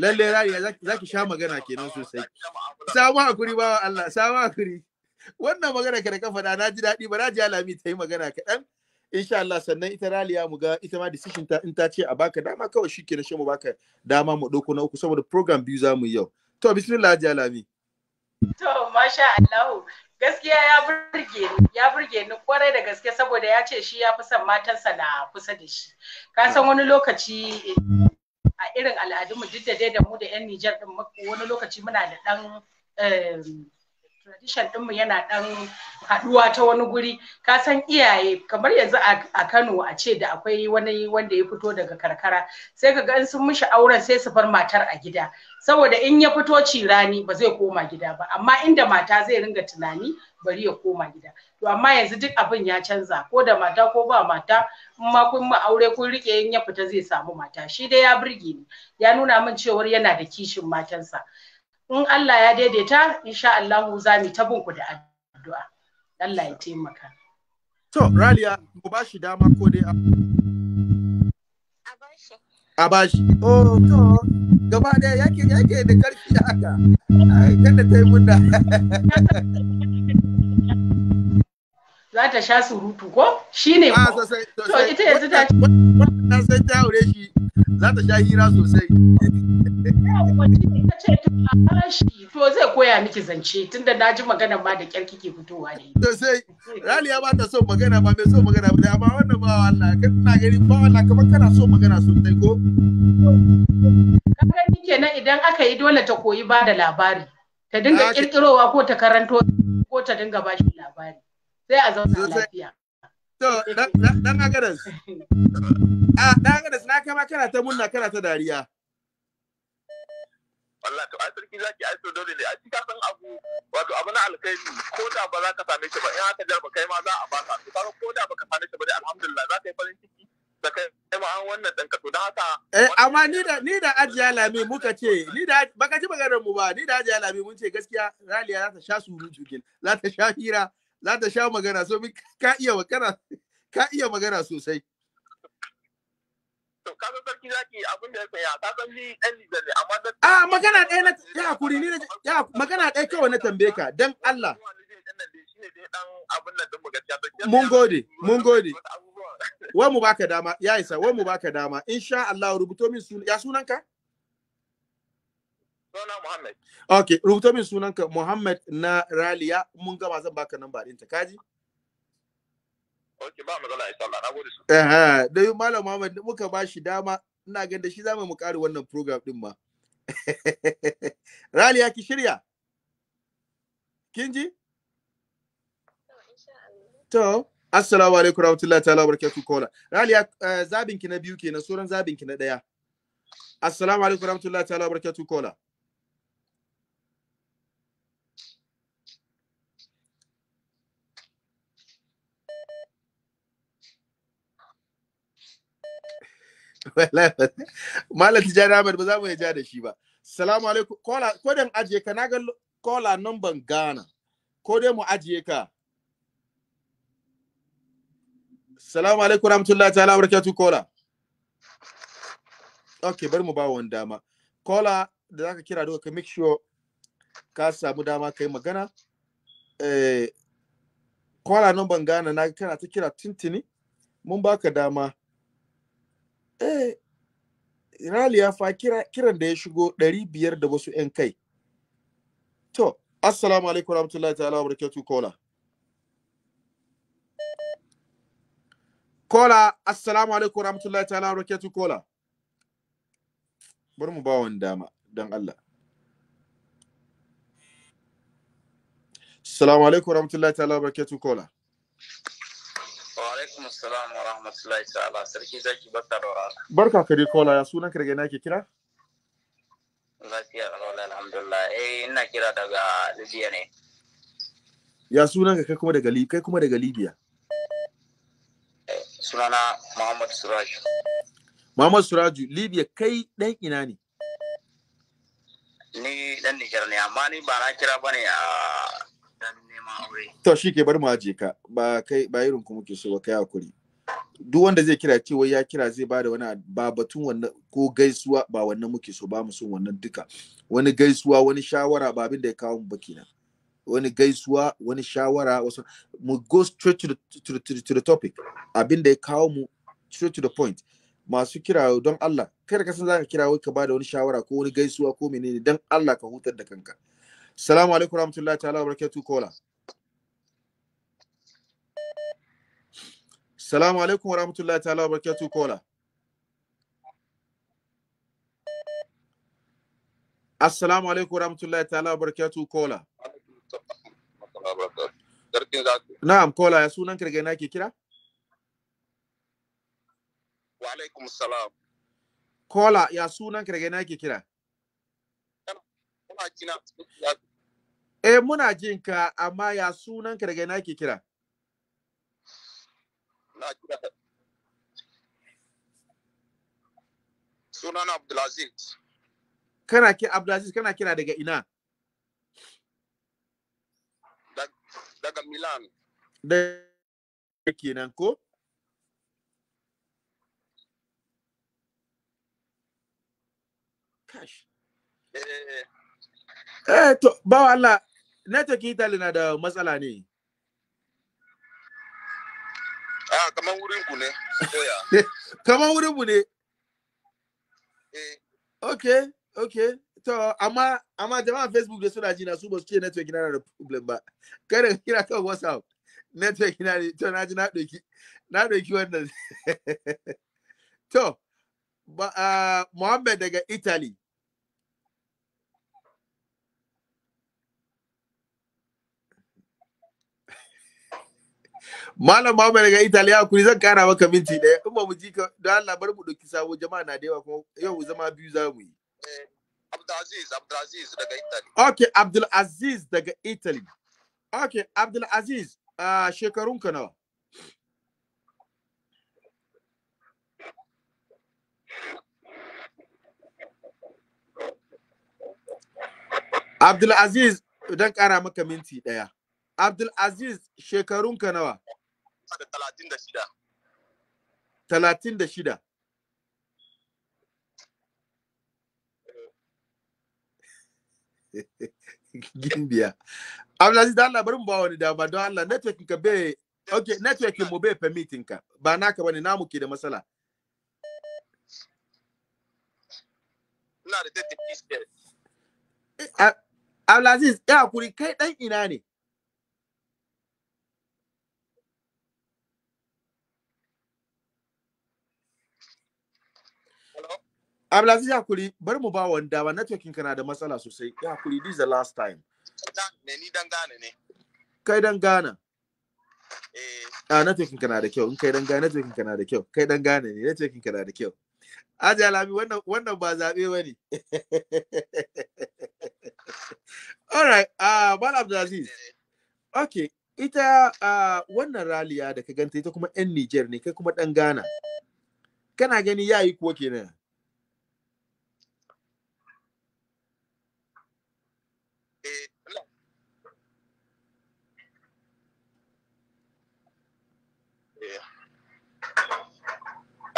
S1: Lalle rariya zaki sha magana kenan sosai. Sama hakuri ba Allah sama hakuri. Wannan maganan ka da ka faɗa na ji daɗi ba na ji alami ta yi magana kaɗan. Insha Allah sannan ita raliya mu ga ita ma decision ta in ta ce a baka dama kawai shi kenan shi mu baka dama mu ɗauko na uku saboda program biyu za mu yi yau. To bismillah ji alami. To
S2: masha Allahu gaskiya ya burge ni ya burge ni kwarai da gaske saboda ya ce shi ya fi son matansa na kusa da shi ka san wani lokaci a irin al'adunmu duk da dai da mu da yan Nijar din wani lokaci muna da dan eh, tradition ɗinmu yana ɗan haɗuwa ta wani guri ka san iyaye kamar yanzu a Kano a ce da akwai wani wanda ya fito daga karkara sai ka ga sun mishi auren sai su bar matar a gida saboda in ya fito cirani ba zai koma gida ba amma inda mata zai ringa tunani bari ya koma gida to amma yanzu duk abin ya canza ko da mata ko ba mata in ma kun ma aure kun rike in ya fita zai samu mata shi dai ya burge ni ya nuna min cewar yana da kishin matansa in Allah ya daidaita insha Allahu za mu ta bin ku da addu'a Allah ya taimaka
S1: to mm. Raliya ku ba shi dama ko dai a ba shi a oh, to gaba da yake yake da karfi haka kada ta yi munda
S2: za ta sha surutu
S1: ko shi ne ah, ko to ita yanzu ta wannan sai ta aure shi za ta sha hira sosai ce ta shi to zai koya miki zance tunda
S2: na ji magana ma da kyar kike fitowa ne
S1: to sai raliya ba ta so magana ba mai so magana ba amma wannan ba Allah kan na gari ba Allah kamar kana so magana sosai ko ka ni kenan idan aka yi dole ta
S2: koyi ba da labari ta dinga kirkirowa ko ta
S1: karanto ko ta dinga ba shi labari sai a zauna lafiya to dan agadas dan agadas ah, na kama kana ta munna kana ta dariya
S6: Allah to ai sarki zaki ai to dole ne a cika san abu wato abu na alkhairi ko da ba za ka same shi ba in aka jar ba kai ma za a baka to ko da baka same shi ba dai alhamdulillah za ka yi farin ciki
S1: da kai ma an wannan dan ka to dan haka eh amma ni da ni da ajiya lami muka ce ni da baka ji maganar mu ba ni da ajiya lami mun ce gaskiya Raliya za ta sha surutu gil za ta sha hira za ta sha magana so ka iya magana ka iya magana sosai
S6: to kaga sarki zaki abin da ya saya ka san ni dan lijar
S1: ne amma da a ah, magana ɗaya na ya hakuri ni ya magana ɗaya kawai na tambaye ka dan Allah mun gode mun gode wa mu baka dama ya isa wa mu baka dama insha Allah rubuto min sunan ya sunanka Muhammad. Ok, rubuta min sunanka Muhammad na Raliya mun gama zan baka nan ba ɗinta, kaji? Ok, ba matsala ya Allah, na gode su. Eh, da yi Malam Muhammad muka ba shi dama, ina ganin da shi za mu ƙari wannan program ɗin ma. Raliya ki shirya? Kin ji? To, Assalamu alaikum rahmatullahi ta'ala barakatuh kola. Raliya eh, zabinki na biyu kenan, sauran zabinki na ɗaya. Assalamu alaikum rahmatullahi ta'ala barakatuh kola. malam tijani ahmed ba za mu ja da shi ba salamu alaikum kola ko dan ajiye ka na ga kola nan ban gana ko dai mu ajiye ka salamu alaikum rahmatullahi ta'ala barakatuh kola okay bari mu ba wani dama kola da zaka kira duka ka make sure ka samu dama kai magana eh kola nan ban gana na kana ta kira tintini mun baka dama eh raliya fa kira kiran da ya shigo 500 biyar da wasu yan kai to assalamu alaikum warahmatullahi ta'ala wabarakatuh kola kola assalamu alaikum warahmatullahi ta'ala wabarakatuh kola bari mu ba wani dama don Allah assalamu alaikum warahmatullahi ta'ala wabarakatuh kola
S6: alaikum assalam
S4: wa rahmatullahi ta'ala sarki zaki barka da warhaka
S1: barka ka kola ya sunan kare daga ina ke kira
S4: lafiya alwala alhamdulillah eh ina kira daga libya ne
S1: ya sunan ka kai kuma daga kai kuma daga libya
S4: eh, sunana muhammad suraju
S1: muhammad suraju libya kai dan ina ne
S4: ni dan nijar ne amma ni ba na kira bane a dan
S1: aure to shi ke bari mu aje ka ba kai ba irin ku muke so ba kai hakuri duk wanda zai kira ce wai ya kira zai ba da wani ba batun wannan ko gaisuwa ba wannan muke so ba mu son wannan duka wani gaisuwa wani shawara ba abin da ya kawo mu ba kenan wani gaisuwa wani shawara wasu mu go straight to the, to the, to the topic abin da ya kawo mu straight to the point masu kira don Allah kada ka san zaka kira wai ka da wani shawara ko wani gaisuwa ko menene don Allah ka hutar da kanka Salamu alaikum rahmatullahi ta'ala barakatuh kola. Salamu alaikum rahmatullahi ta'ala barakatuh kola. Assalamu alaikum rahmatullahi ta'ala barakatuh kola. Na'am kola ya sunan kirge na ke kira?
S6: Wa alaikum salam.
S1: Kola ya sunan kirge na ke kira? Ina jina Eh muna jin ka amma ya sunan ka daga ina ke kira?
S6: Na kira. Sunan Abdulaziz.
S1: Kana ki Abdulaziz kana kira daga ina?
S6: Daga Milan.
S1: Da kenan ko? Kash. Eh. Eh, to, ba Allah, network Italy na da matsala ne. Ah, kamar wurin ku ne, koya. kamar wurin ku ne. Eh. Okay, okay. To, amma, amma jama'a Facebook da suna jina su ba su ce network na da problem ba. Kada kira kan WhatsApp. Network na ne, to na ji na ɗauki, na ɗauki wannan. to, ba, uh, ah, Muhammad daga Italy. Malam Muhammad daga Italiya ya kuri zan kara maka minti ɗaya. In ba mu ji ka don Allah bar mu ɗauki sabo jama'a na da yawa kuma yau zama biyu za mu yi. Eh, Abdulaziz Abdulaziz daga Italy. Okay Abdulaziz daga Italy. Okay Abdulaziz uh, shekarunka nawa? Abdulaziz don kara maka minti ɗaya. Abdul Aziz shekarun ka nawa?
S6: Da talatin da shida.
S1: Talatin da shida. Gimbiya. Abdul Aziz da Allah bari mu ba wani dama don Allah network ka bai okay network mu bai permitting ka ba naka bane namu ke da matsala. Ina
S6: da 30
S1: eh, Abdulaziz, ya hakuri kai dan ina ne? Abdulaziz ya kuri bari mu ba wa dama networking kana da matsala sosai. Ya kuri this is the last time. Ne ni dan gane ne. Kai dan gana. Eh. Ah networking kana da kyau. In kai dan gane networking kana da kyau. Kai dan gane ne networking kana da kyau. Aji Alami wannan wannan ba zabe bane. All right, ah uh, Mal Abdulaziz. Eh. Okay, ita uh, wannan raliya da ka ganta ita kuma 'yan Nijar ne kai kuma ɗan Ghana. Kana gani yayi kuwa kenan?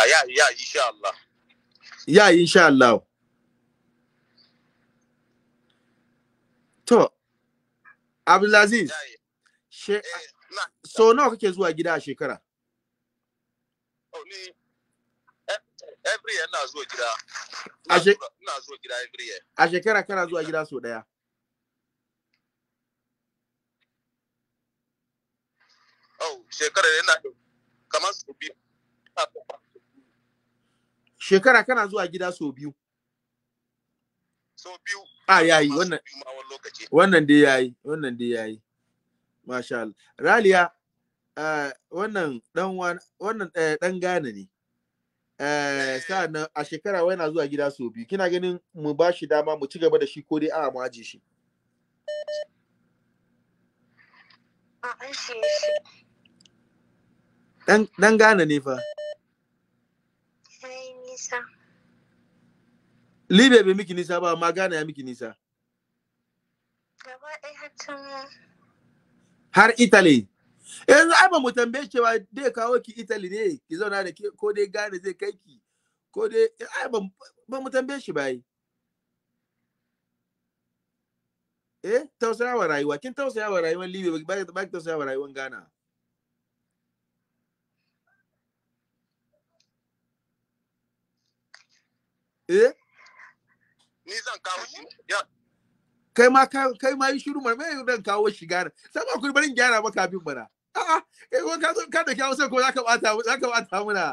S6: ya ya insha Allah
S1: ya insha Allah to Abdulaziz eh, so nawa kake zuwa gida a shekara
S6: oh, eh, every year zuwa
S1: gida
S6: zuwa gida every year
S1: a shekara kana zuwa gida so daya oh shekara yana kamar su biyu shekara kana zuwa gida sau biyu sau biyu ah, a yayi wannan wannan dai yayi wannan dai yayi masha Allah Raliya eh, wannan dan wannan dan eh, ne eh, eh. sa'annan a shekara wai na zuwa gida sau biyu kina ganin mu ba shi dama mu ci gaba da shi ko dai a mu aje shi dan gane ne fa Libya bai miki nisa ba, amma Ghana ya miki nisa. Gaba ɗaya har Har Italy. Yanzu ai ba mu tambaye cewa dai kawo ki Italy ne, ki zauna da ke ko dai Ghana zai kai ki. Ko dai ai ba mu tambaye shi ba yi. Eh, tausayawa rayuwa, kin tausayawa rayuwar Libya ba ki tausayawa rayuwar Ghana. eh ni zan kawo shi kai ma kai ma yi shiru mai mai zan kawo shi gara sai ba ku bari gyara maka bin bana. a'a kai eh, ko ka zo ka da kawo sai ko zaka bata mu zaka bata muna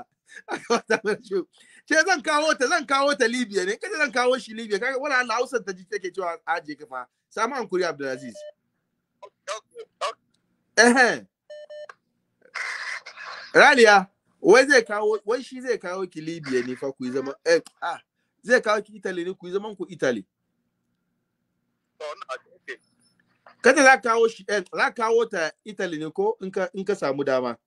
S1: bata mu shi ce zan kawo ta zan kawo ta Libya ne kada zan kawo shi Libya kaga wala Allah Hausa ta ji take cewa aje ka fa samu hankuri Abdulaziz eh Raliya wai zai kawo wai shi zai kawo ki Libya ne fa ku zama eh ah zai kawo ki Italy ne ku yi zaman ku Italy kada za kawo shi ɗan eh, za kawo ta Italy ne ko in ka samu dama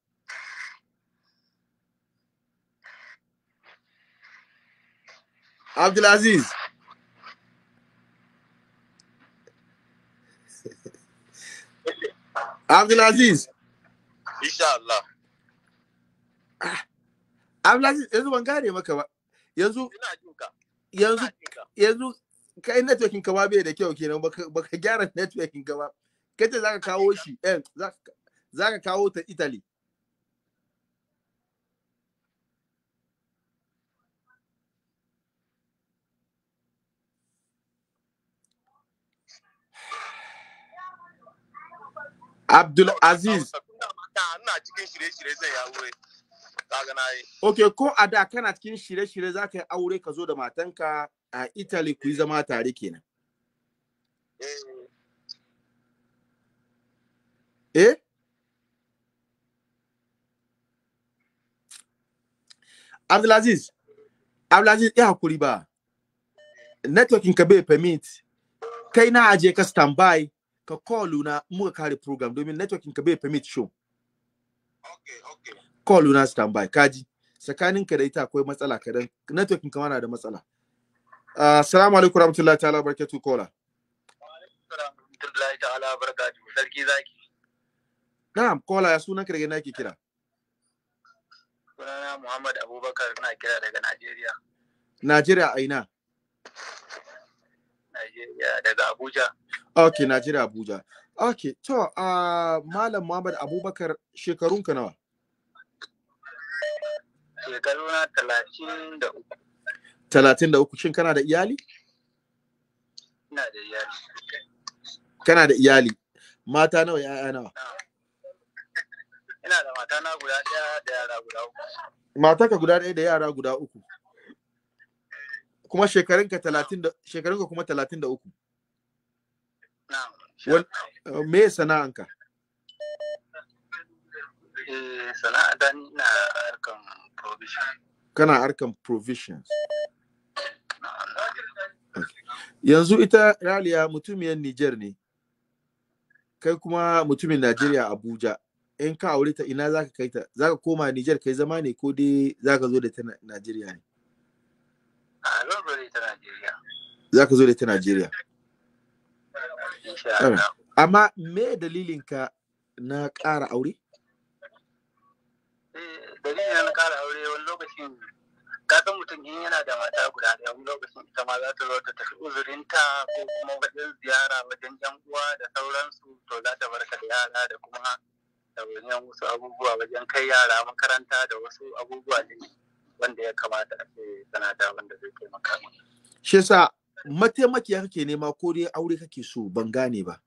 S1: Abdulaziz Abdulaziz Insha Allah ah, Abdulaziz yanzu ban gane maka ba yanzu ina jin ka yanzu yanzu kai networking ka bai da kyau kenan baka gyara networking ka ba kace zaka kawo shi eh zaka kawo ta Italy Abdul Aziz. Ina cikin shirye-shirye zai yawo. kaga na yi okay ko a da kana cikin shirye-shirye za ka yi aure ka zo da matanka a Italy ku yi zama tare kenan eh, eh? Abdulaziz Abdulaziz ya hakuri ba networking ka bai permit kai na aje ka standby ka call na muka kare program domin networking ka bai permit show okay okay call na standby kaji tsakanin ka da ita akwai matsala kadan network ka na da matsala assalamu ah, alaikum warahmatullahi ta'ala barkatu kola warahmatullahi ta'ala barakatuh sarki zaki na'am kola ya sunan ka daga ina ke kira
S4: sunana Muhammad Abubakar na kira daga Najeriya
S1: Najeriya a ina
S4: Najeriya daga Abuja
S1: okay Najeriya Abuja okay to uh, malam Muhammad Abubakar shekarunka nawa shekaru na talatin da uku. Talatin da uku, shin kana da iyali? Ina da iyali. Kana da iyali. Mata nawa ya'ya nawa? Ina da mata na guda ɗaya da yara guda uku. Mata ka guda ɗaya da yara guda uku. Kuma shekarunka talatin da shekarunka kuma talatin da uku. Na'am. Me sana'anka?
S4: Eh, sana'a ina harkan provision
S1: kana harkan provisions yanzu ita raliya mutumiyar niger ne kai kuma mutumin najeriya abuja in ka aure ta ina zaka kai ta zaka koma niger kai zama ne ko dai zaka zo da ta najeriya ne Za ka zo da ta najeriya zaka zo da ta najeriya amma me dalilinka na ƙara aure
S4: dalilin na kara aure wani lokacin ka san mutum in yana da mata guda ɗaya wani lokacin ita ma za ta zo ta tafi uzurinta ko kuma wajen ziyara wajen yan uwa da sauransu to za ta barka da yara da kuma wajen wasu abubuwa wajen kai yara makaranta da wasu abubuwa ne wanda ya kamata a ce sanata wanda zai taimaka
S1: Shi yasa mataimakiya kake nema ko dai aure kake so ban gane ba.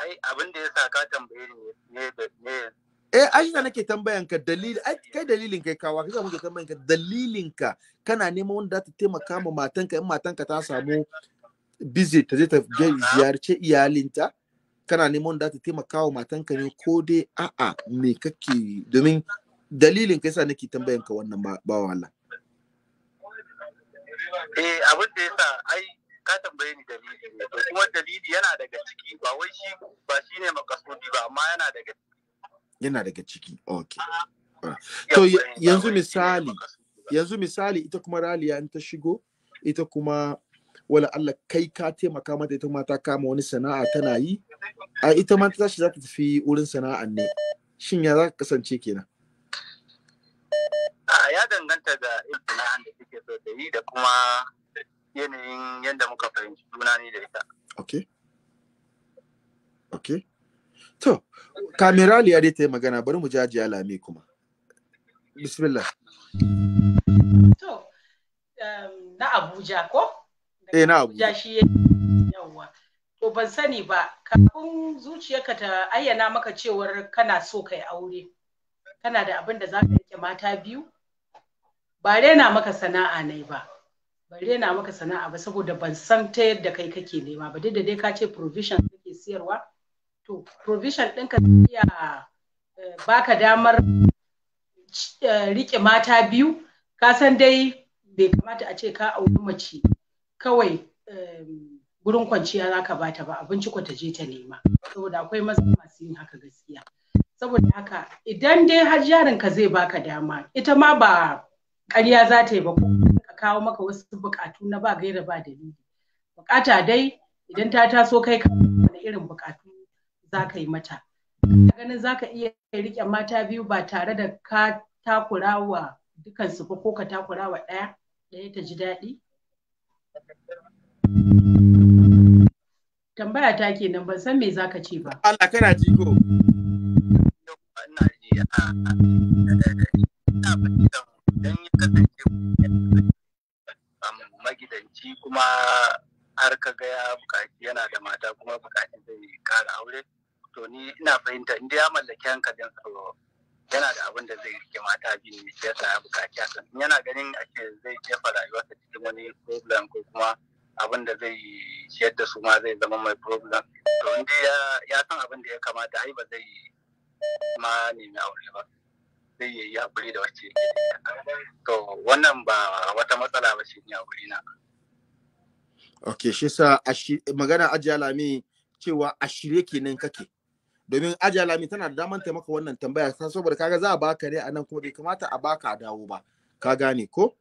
S4: ai abin da ya sa ka tambaye ni ne eh da nake tambayan
S1: ka dalili kai dalilin kai kawa kai muke tambayan ka dalilin ka kana neman wanda ta taimaka ma matanka in matanka ta samu busy ta je ta ziyarce iyalinta kana neman wanda ta taimaka wa matanka ne ko dai a'a me kake domin dalilin kai sa nake tambayan ka wannan ba wala
S4: eh abin da yasa ai ka tambaye ni dalili kuma dalili yana daga ciki ba wai shi ba shine makasudi ba amma yana daga ciki
S1: yana daga ciki okay to yanzu misali yanzu misali ita kuma raliya in ta shigo ita kuma wala Allah kai ka taimaka mata ita ma ta kama wani sana'a tana yi a ita ma ta shi za ta tafi wurin sana'an ne shin ya za ka kasance kenan
S4: ya danganta ga sana'an da take so da yi da kuma yanayin yadda muka fahimci juna ni da ita
S1: okay okay To, kamerali ya dai ta yi magana bari mu jaji alami kuma. Bismillah.
S3: To, um, na
S2: Abuja ko?
S1: Eh, na Abuja.
S2: shi yawa. To, ban sani ba, kafin zuciyarka ta ayyana maka cewar kana so ka aure. Kana da abin da za ka rike mata biyu? Ba rena maka sana'a ne ba. Ba rena maka sana'a ba saboda ban san ta yadda kai kake nema ba. Duk da dai ka ce provision kake siyarwa. to provision ɗinka iya eh, baka damar eh, rike mata biyu ka san dai bai kamata a ce ka auri mace kawai eh, gurin kwanciya za ka bata ba abinci ko ta je ta nema saboda akwai maza masu yin haka gaskiya saboda haka idan dai har ka zai baka dama ita ma ba ƙarya za ta yi ba ka kawo maka wasu buƙatu na ba gaira ba dalili buƙata dai idan ta taso kai ka wani irin buƙatu za ka yi mata mm. ganin za ka iya riƙe mata biyu ba tare da ka takurawa dukansu ba ko ka takurawa ɗaya ɗaya ta ji daɗi
S3: mm.
S2: tambaya ta ke nan, ban san me za ka ce ba Allah kana ji ko
S4: magidanci kuma har ka ga ya bukaci yana da mata kuma bukaci zai kara aure to ni ina fahimta inda ya mallaki hankalin tsaro yana da abin da zai rike mata biyu ne shi ya bukaci hakan yana ganin ake zai jefa rayuwarsa cikin wani problem ko kuma abin da zai ciyar da su ma zai zama mai problem to inda ya san abin da ya kamata ai ba zai ma nemi aure ba zai yi hakuri da wacce to wannan ba wata matsala ba shi ne a wuri na
S1: ok shi sa magana ajiya lami cewa a shirye kenan kake domin ajiya lami tana da daman taimaka wannan tambaya saboda kaga za a baka ne a nan kuma bai kamata a baka a dawo ba ka gane ko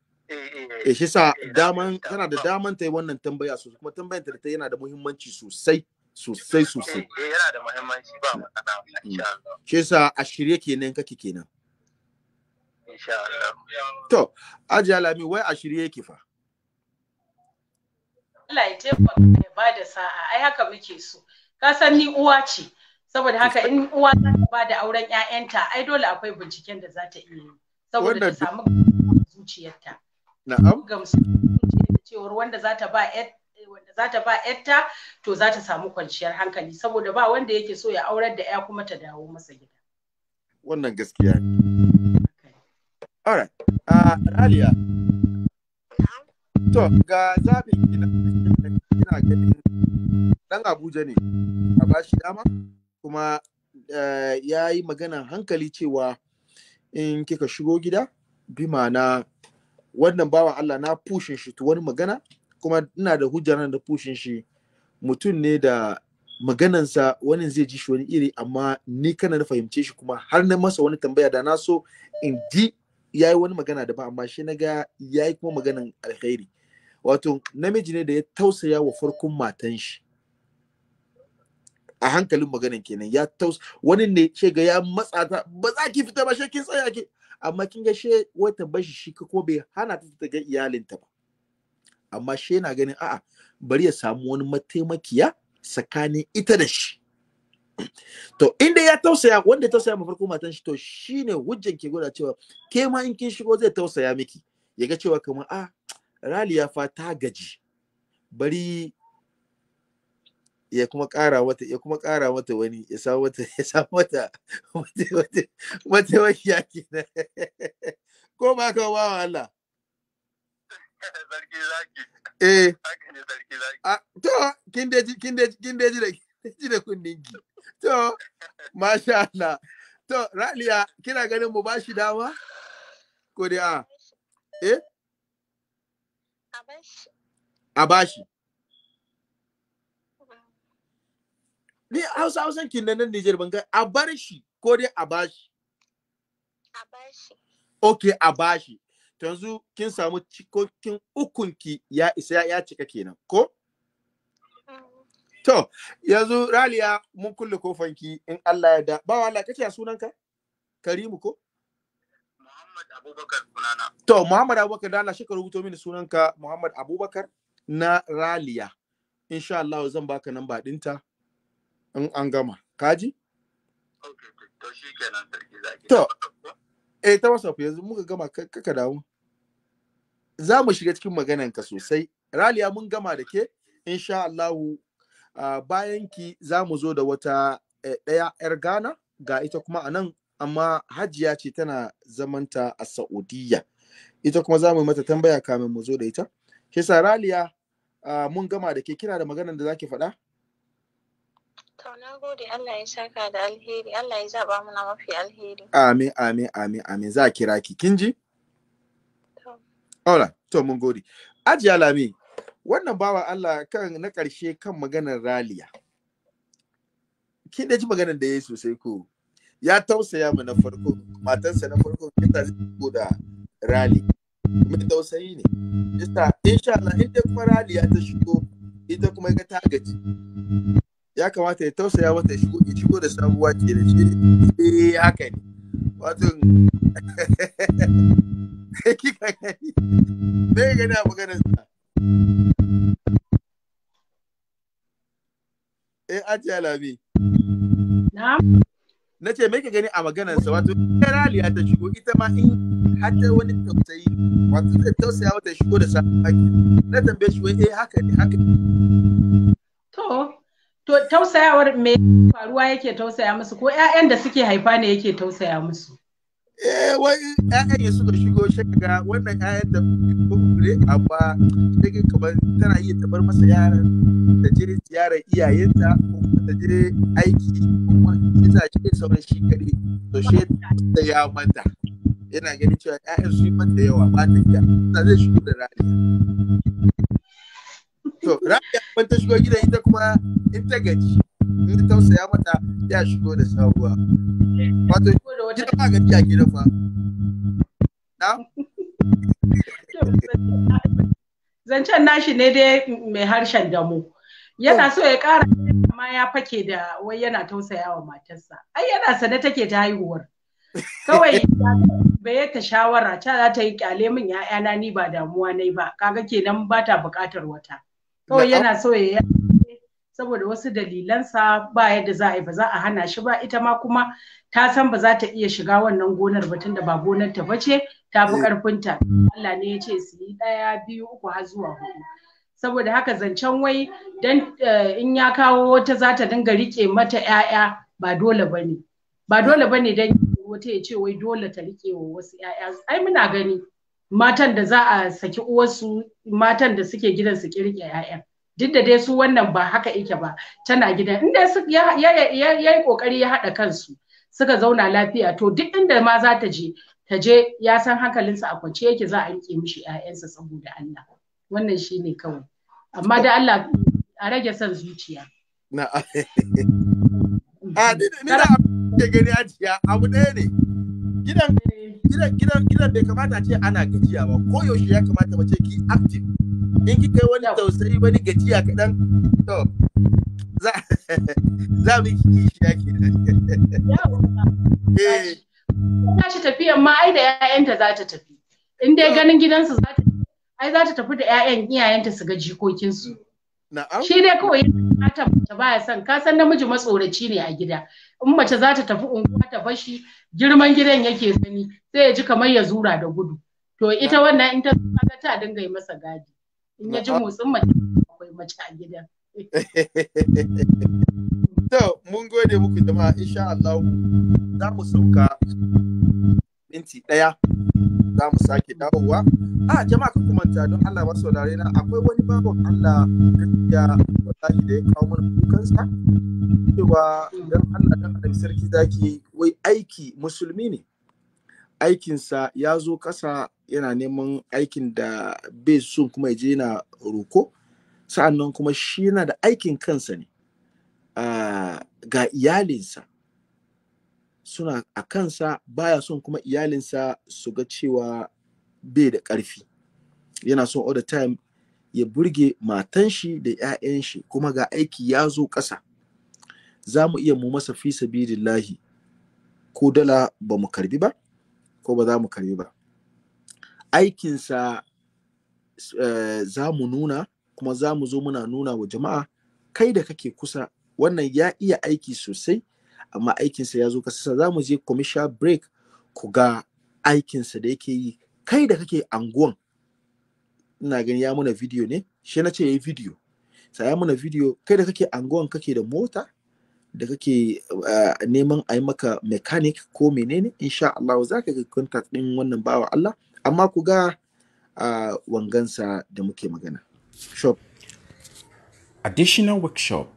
S1: E, shi sa daman tana da daman ta yi wannan tambaya sosai kuma tambayar ta ta yana da muhimmanci sosai sosai sosai
S4: yana da muhimmanci ba mm. matsala
S1: mm. shi sa a shirye kenan kake kenan to ajiya lami wai a shirye yake fa
S2: Allah ya jefa ya bada sa'a ai haka muke so ka san ni uwa ce saboda haka in uwa za ta ba da auren 'ya'yanta ai dole akwai binciken da za ta iya yi saboda ta samu zuciyarta na'am gamsu cewar wanda za ta ba wanda za ta ba yarta to za ta samu kwanciyar hankali saboda ba wanda yake so ya aurar da ya kuma ta dawo masa gida
S1: wannan gaskiya ne alright uh, Raliya to ga zaɓin ina ganin ɗan Abuja ne a bashi dama kuma eh, ya yi maganan hankali cewa in kika shigo gida bi ma'ana wannan bawan Allah na pushin shi wani magana kuma ina da hujjar da pushin shi mutum ne da maganansa wani zai ji shi wani iri amma ni kana na fahimce shi kuma har na masa wani tambaya da na so in ji ya yi wani magana da ba amma shi na ga ya yi kuma maganan alkhairi wato namiji ne da ya tausaya wa farkon matan shi a hankalin maganan kenan ya taus wani ne ce ga ya matsa ta ba za ki fita ba she kin tsaya ki amma kin ga she wai bashi shi ka ko bai hana ta ta ga iyalinta ba amma she na ganin a'a bari ya samu wani mataimakiya tsakanin ita da shi to inda ya tausaya wanda ya tausaya ma farko matan shi to shine hujjan ke gwada cewa ke ma in kin shigo zai tausaya miki ya ga cewa kamar a ah, raliya fa ta gaji bari ya kuma ƙara mata ya kuma ƙara mata wani ya samu mata ya samu mata wata wata wani yaki na ko ba ka ba Allah sarki zaki eh ah, to kin da kin da kin da ji da ji da kunnin ki to masha Allah to Raliya kina ganin mu bashi dama ko da a ah, eh a bashi a bashi Ni Hausa Hausan kin nan Niger ban ga a bar shi ko dai a bashi. A bashi. Okay, a bashi. To yanzu kin samu cikokin ki ya isa ya cika kenan, ko? Mm. To, yanzu Raliya mun kulle ki in Allah ya da. Ba Allah kace ya sunanka? Karimu ko?
S4: Muhammad Abubakar
S1: sunana. To, Muhammad Abubakar da Allah shi ka rubuto mini sunanka Muhammad Abubakar na Raliya. Insha Allah zan baka namba dinta in an gama kaji to eh ta whatsapp yanzu muka gama kaka dawo za mu shiga cikin maganan ka sosai raliya mun gama da ke insha Allahu bayan ki za mu zo da wata eh, ɗaya yar Ghana ga ita kuma anan amma hajiya ce tana zamanta a Saudiya ita kuma za mu mata tambaya kamin mu zo da ita Kisa Raliya mun gama da ke kina da maganar da zaki faɗa?
S5: To gode Allah ya saka da alheri, Allah ya zaba mana mafi alheri.
S1: Amin, amin, amin, amin. Za a kira ki, kin ji? Ola, to mun gode. Aji Alami, wannan bawa Allah kan na ƙarshe kan maganar raliya. Kin da ji maganar da ya yi sosai ko? Ya tausaya mu na farko, matansa na farko, kita zai da rali. Mai tausayi ne. Yasta, insha Allah, inda kuma raliya ta shigo, ita kuma ga ta gaji. ya kamata ya tausaya mata ya shigo da sabuwa ke da shi eh haka ne wato ne gani bai gani a maganar sa eh ajiya labi na'am na ce mai ka gani a maganarsa wato raliya ta shigo ita ma in har wani tausayi wato zai tausaya wata shigo da sa na tambaye shi wai eh haka ne haka
S2: to to tausayawar me faruwa yake tausaya musu ko ƴaƴan da suke haifa ne yake tausaya musu
S1: eh wai ƴaƴan ya suka shigo shi ga wannan ƴaƴan da kure amma take kamar tana iya tabar masa yaran da je ziyarar iyayenta ko ta aiki kuma ita ce sauran shi kare to she da ya mata yana ganin cewa ƴaƴan su yi mata yawa ba ta iya zai shigo da rani to rafiya ban ta shigo gidan ita kuma in ta gaji in ta tausaya mata ya shigo da sabuwa wato gidan ba gaji a gidan fa na zancen
S2: nashi ne dai mai harshen damu yana so ya ƙara amma ya fake da wai yana tausaya wa matarsa ai yana sane take ta haihuwar kawai bai ta shawara ta za ta yi kyale min ya'yana ni ba damuwa ne ba kaga kenan ba ta buƙatar wata kawai yana so ya saboda wasu dalilansa ba yadda za a yi ba za a hana shi ba ita ma kuma ta san ba za ta iya shiga wannan gonar ba tunda ba gonar ta bace ta fi karfinta eh. Allah ne ya ce su yi ɗaya biyu uku har zuwa hudu saboda haka zancen wai dan eh, in ya kawo wata za ta dinga rike mata ƴaƴa ba dole ba ne ba dole ba ne dan wata ya ce wai dole ta rike wa wasu ƴaƴa ai muna gani matan da za a saki uwarsu matan da suke gidan su kirke 'ya'yan duk da dai su wannan ba haka yake ba tana gidan inda su ya yi kokari ya haɗa kansu suka zauna lafiya to duk inda ma za ta je ta je ya san hankalinsa a kwance yake za a rike mishi 'ya'yansa saboda Allah wannan
S1: shine kawai amma da Allah
S2: a rage son zuciya
S1: na a ni da gani a abu ɗaya ne gidan gidan gidan bai kamata ce ana gajiya ba ko yaushe ya kamata mace ki active in ki kai wani tausayi wani gajiya kaɗan to za
S3: za mu yi kishi ya ke
S1: eh
S2: Ya ci tafiyan ma ai da ƴaƴanta za ta tafi in dai ganin gidansu za ta ai za ta tafi da ƴaƴan iyayenta su ga jikokinsu shi dai kawai ba ya son ka san namiji matsoraci ne a gida in mace za ta tafi unguwa ta fashi girman gidan yake sani sai ya ji kamar ya zura da gudu to ita wannan in ta zura ta dinga yi masa gadi in ya ji motsin mace akwai mace a gidan
S3: to
S1: mun gode muku jama'a insha Allah za mu sauka minti ɗaya za mu sake dawowa a jama'a kan kumanta don Allah ba saurare na akwai wani babon Allah gaskiya shi da ya kawo mana sa cewa don Allah don Allah sarki zaki wai aiki musulmi ne aikinsa ya zo kasa yana neman aikin da bai so kuma ya je yana roko sa'annan kuma shi yana da aikin kansa ne ga iyalinsa suna a kansa baya son kuma iyalinsa su ga cewa bai da ƙarfi yana son all the time ya burge matan shi da 'ya'yan shi kuma ga aiki ya zo ƙasa za mu iya mu masa fi sabidillahi ko dala ba mu karbi ba ko ba za mu karbi ba aikinsa eh, za mu nuna kuma za mu zo muna nuna wa jama'a kai da kake kusa wannan ya iya aiki sosai amma aikinsa ya zo kasa za mu je commercial break ku ga aikinsa da yake yi kai da kake anguwan ina gani ya muna video ne shi na ce ya yi video sa ya muna video kai da kake anguwan kake da mota da kake eh, neman a yi maka mechanic ko menene insha Allah za ka ga contact din wannan bawa Allah amma ku ga ah, wangansa da muke magana
S7: shop additional workshop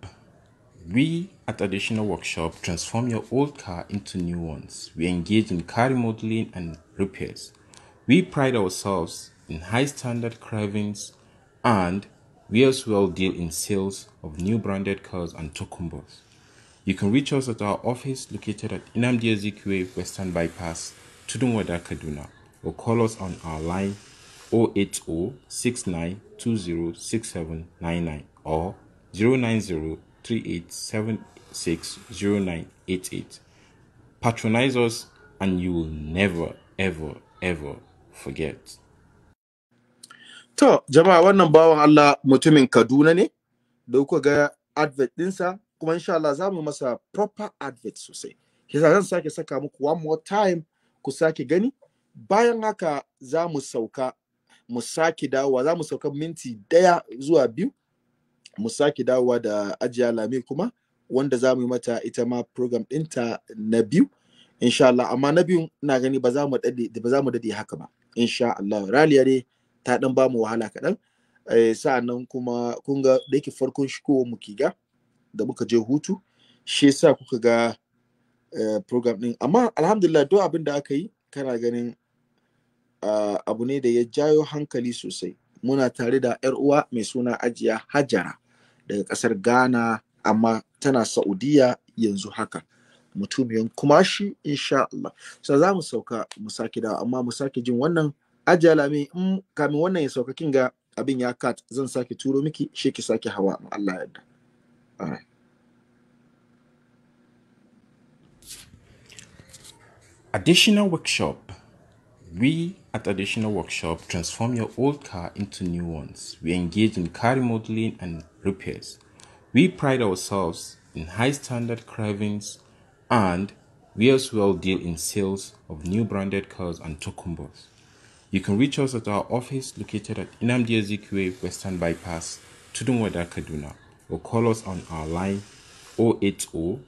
S7: We at Additional Workshop transform your old car into new ones. We engage in car remodeling and repairs. We pride ourselves in high standard carvings and we as well deal in sales of new branded cars and tokumbos. You can reach us at our office located at Inamdi Ezekwe Western Bypass, Tudumwada, Kaduna, or call us on our line 080 or 090 38760988. Patronize us and you will never, ever, ever forget.
S1: To, jama'a wannan bawan Allah mutumin Kaduna ne, da kuka ga advert ɗinsa, kuma insha Allah za mu masa proper advert sosai. kisa zan sake saka muku one more time ku sake gani. Bayan haka za mu sauka, mu sake dawowa, za mu sauka minti daya zuwa biyu, mu sake dawowa da ajiya lami kuma wanda za mu yi mata ita ma program ɗinta na biyu insha Allah amma na biyun ina gani ba za mu dade ba za mu dade haka ba insha Allah raliya ne ta ɗan ba mu wahala kaɗan eh, sa'annan kuma kun ga da yake farkon shigowar mu kiga da muka je hutu shi yasa kuka ga eh, program ɗin amma alhamdulillah duk abin da aka yi kana ganin ah, abu ne da ya jayo hankali sosai muna tare da 'yar uwa mai suna ajiya hajara daga kasar ghana amma tana saudiya yanzu haka mutumiyan kumashi insha Allah za mu sauka mu sake da amma mu sake jin wannan ajala mai in kamin wannan ya sauka kin ga abin ya kat zan sake turo miki shi ki sake hawa Allah yarda
S7: Additional workshop We at Additional Workshop transform your old car into new ones. We engage in car remodeling and repairs. We pride ourselves in high standard carvings and we as well deal in sales of new branded cars and tokumbos. You can reach us at our office located at Inamdi Ezekwe Western Bypass, Tudumwada, Kaduna, or call us on our line 080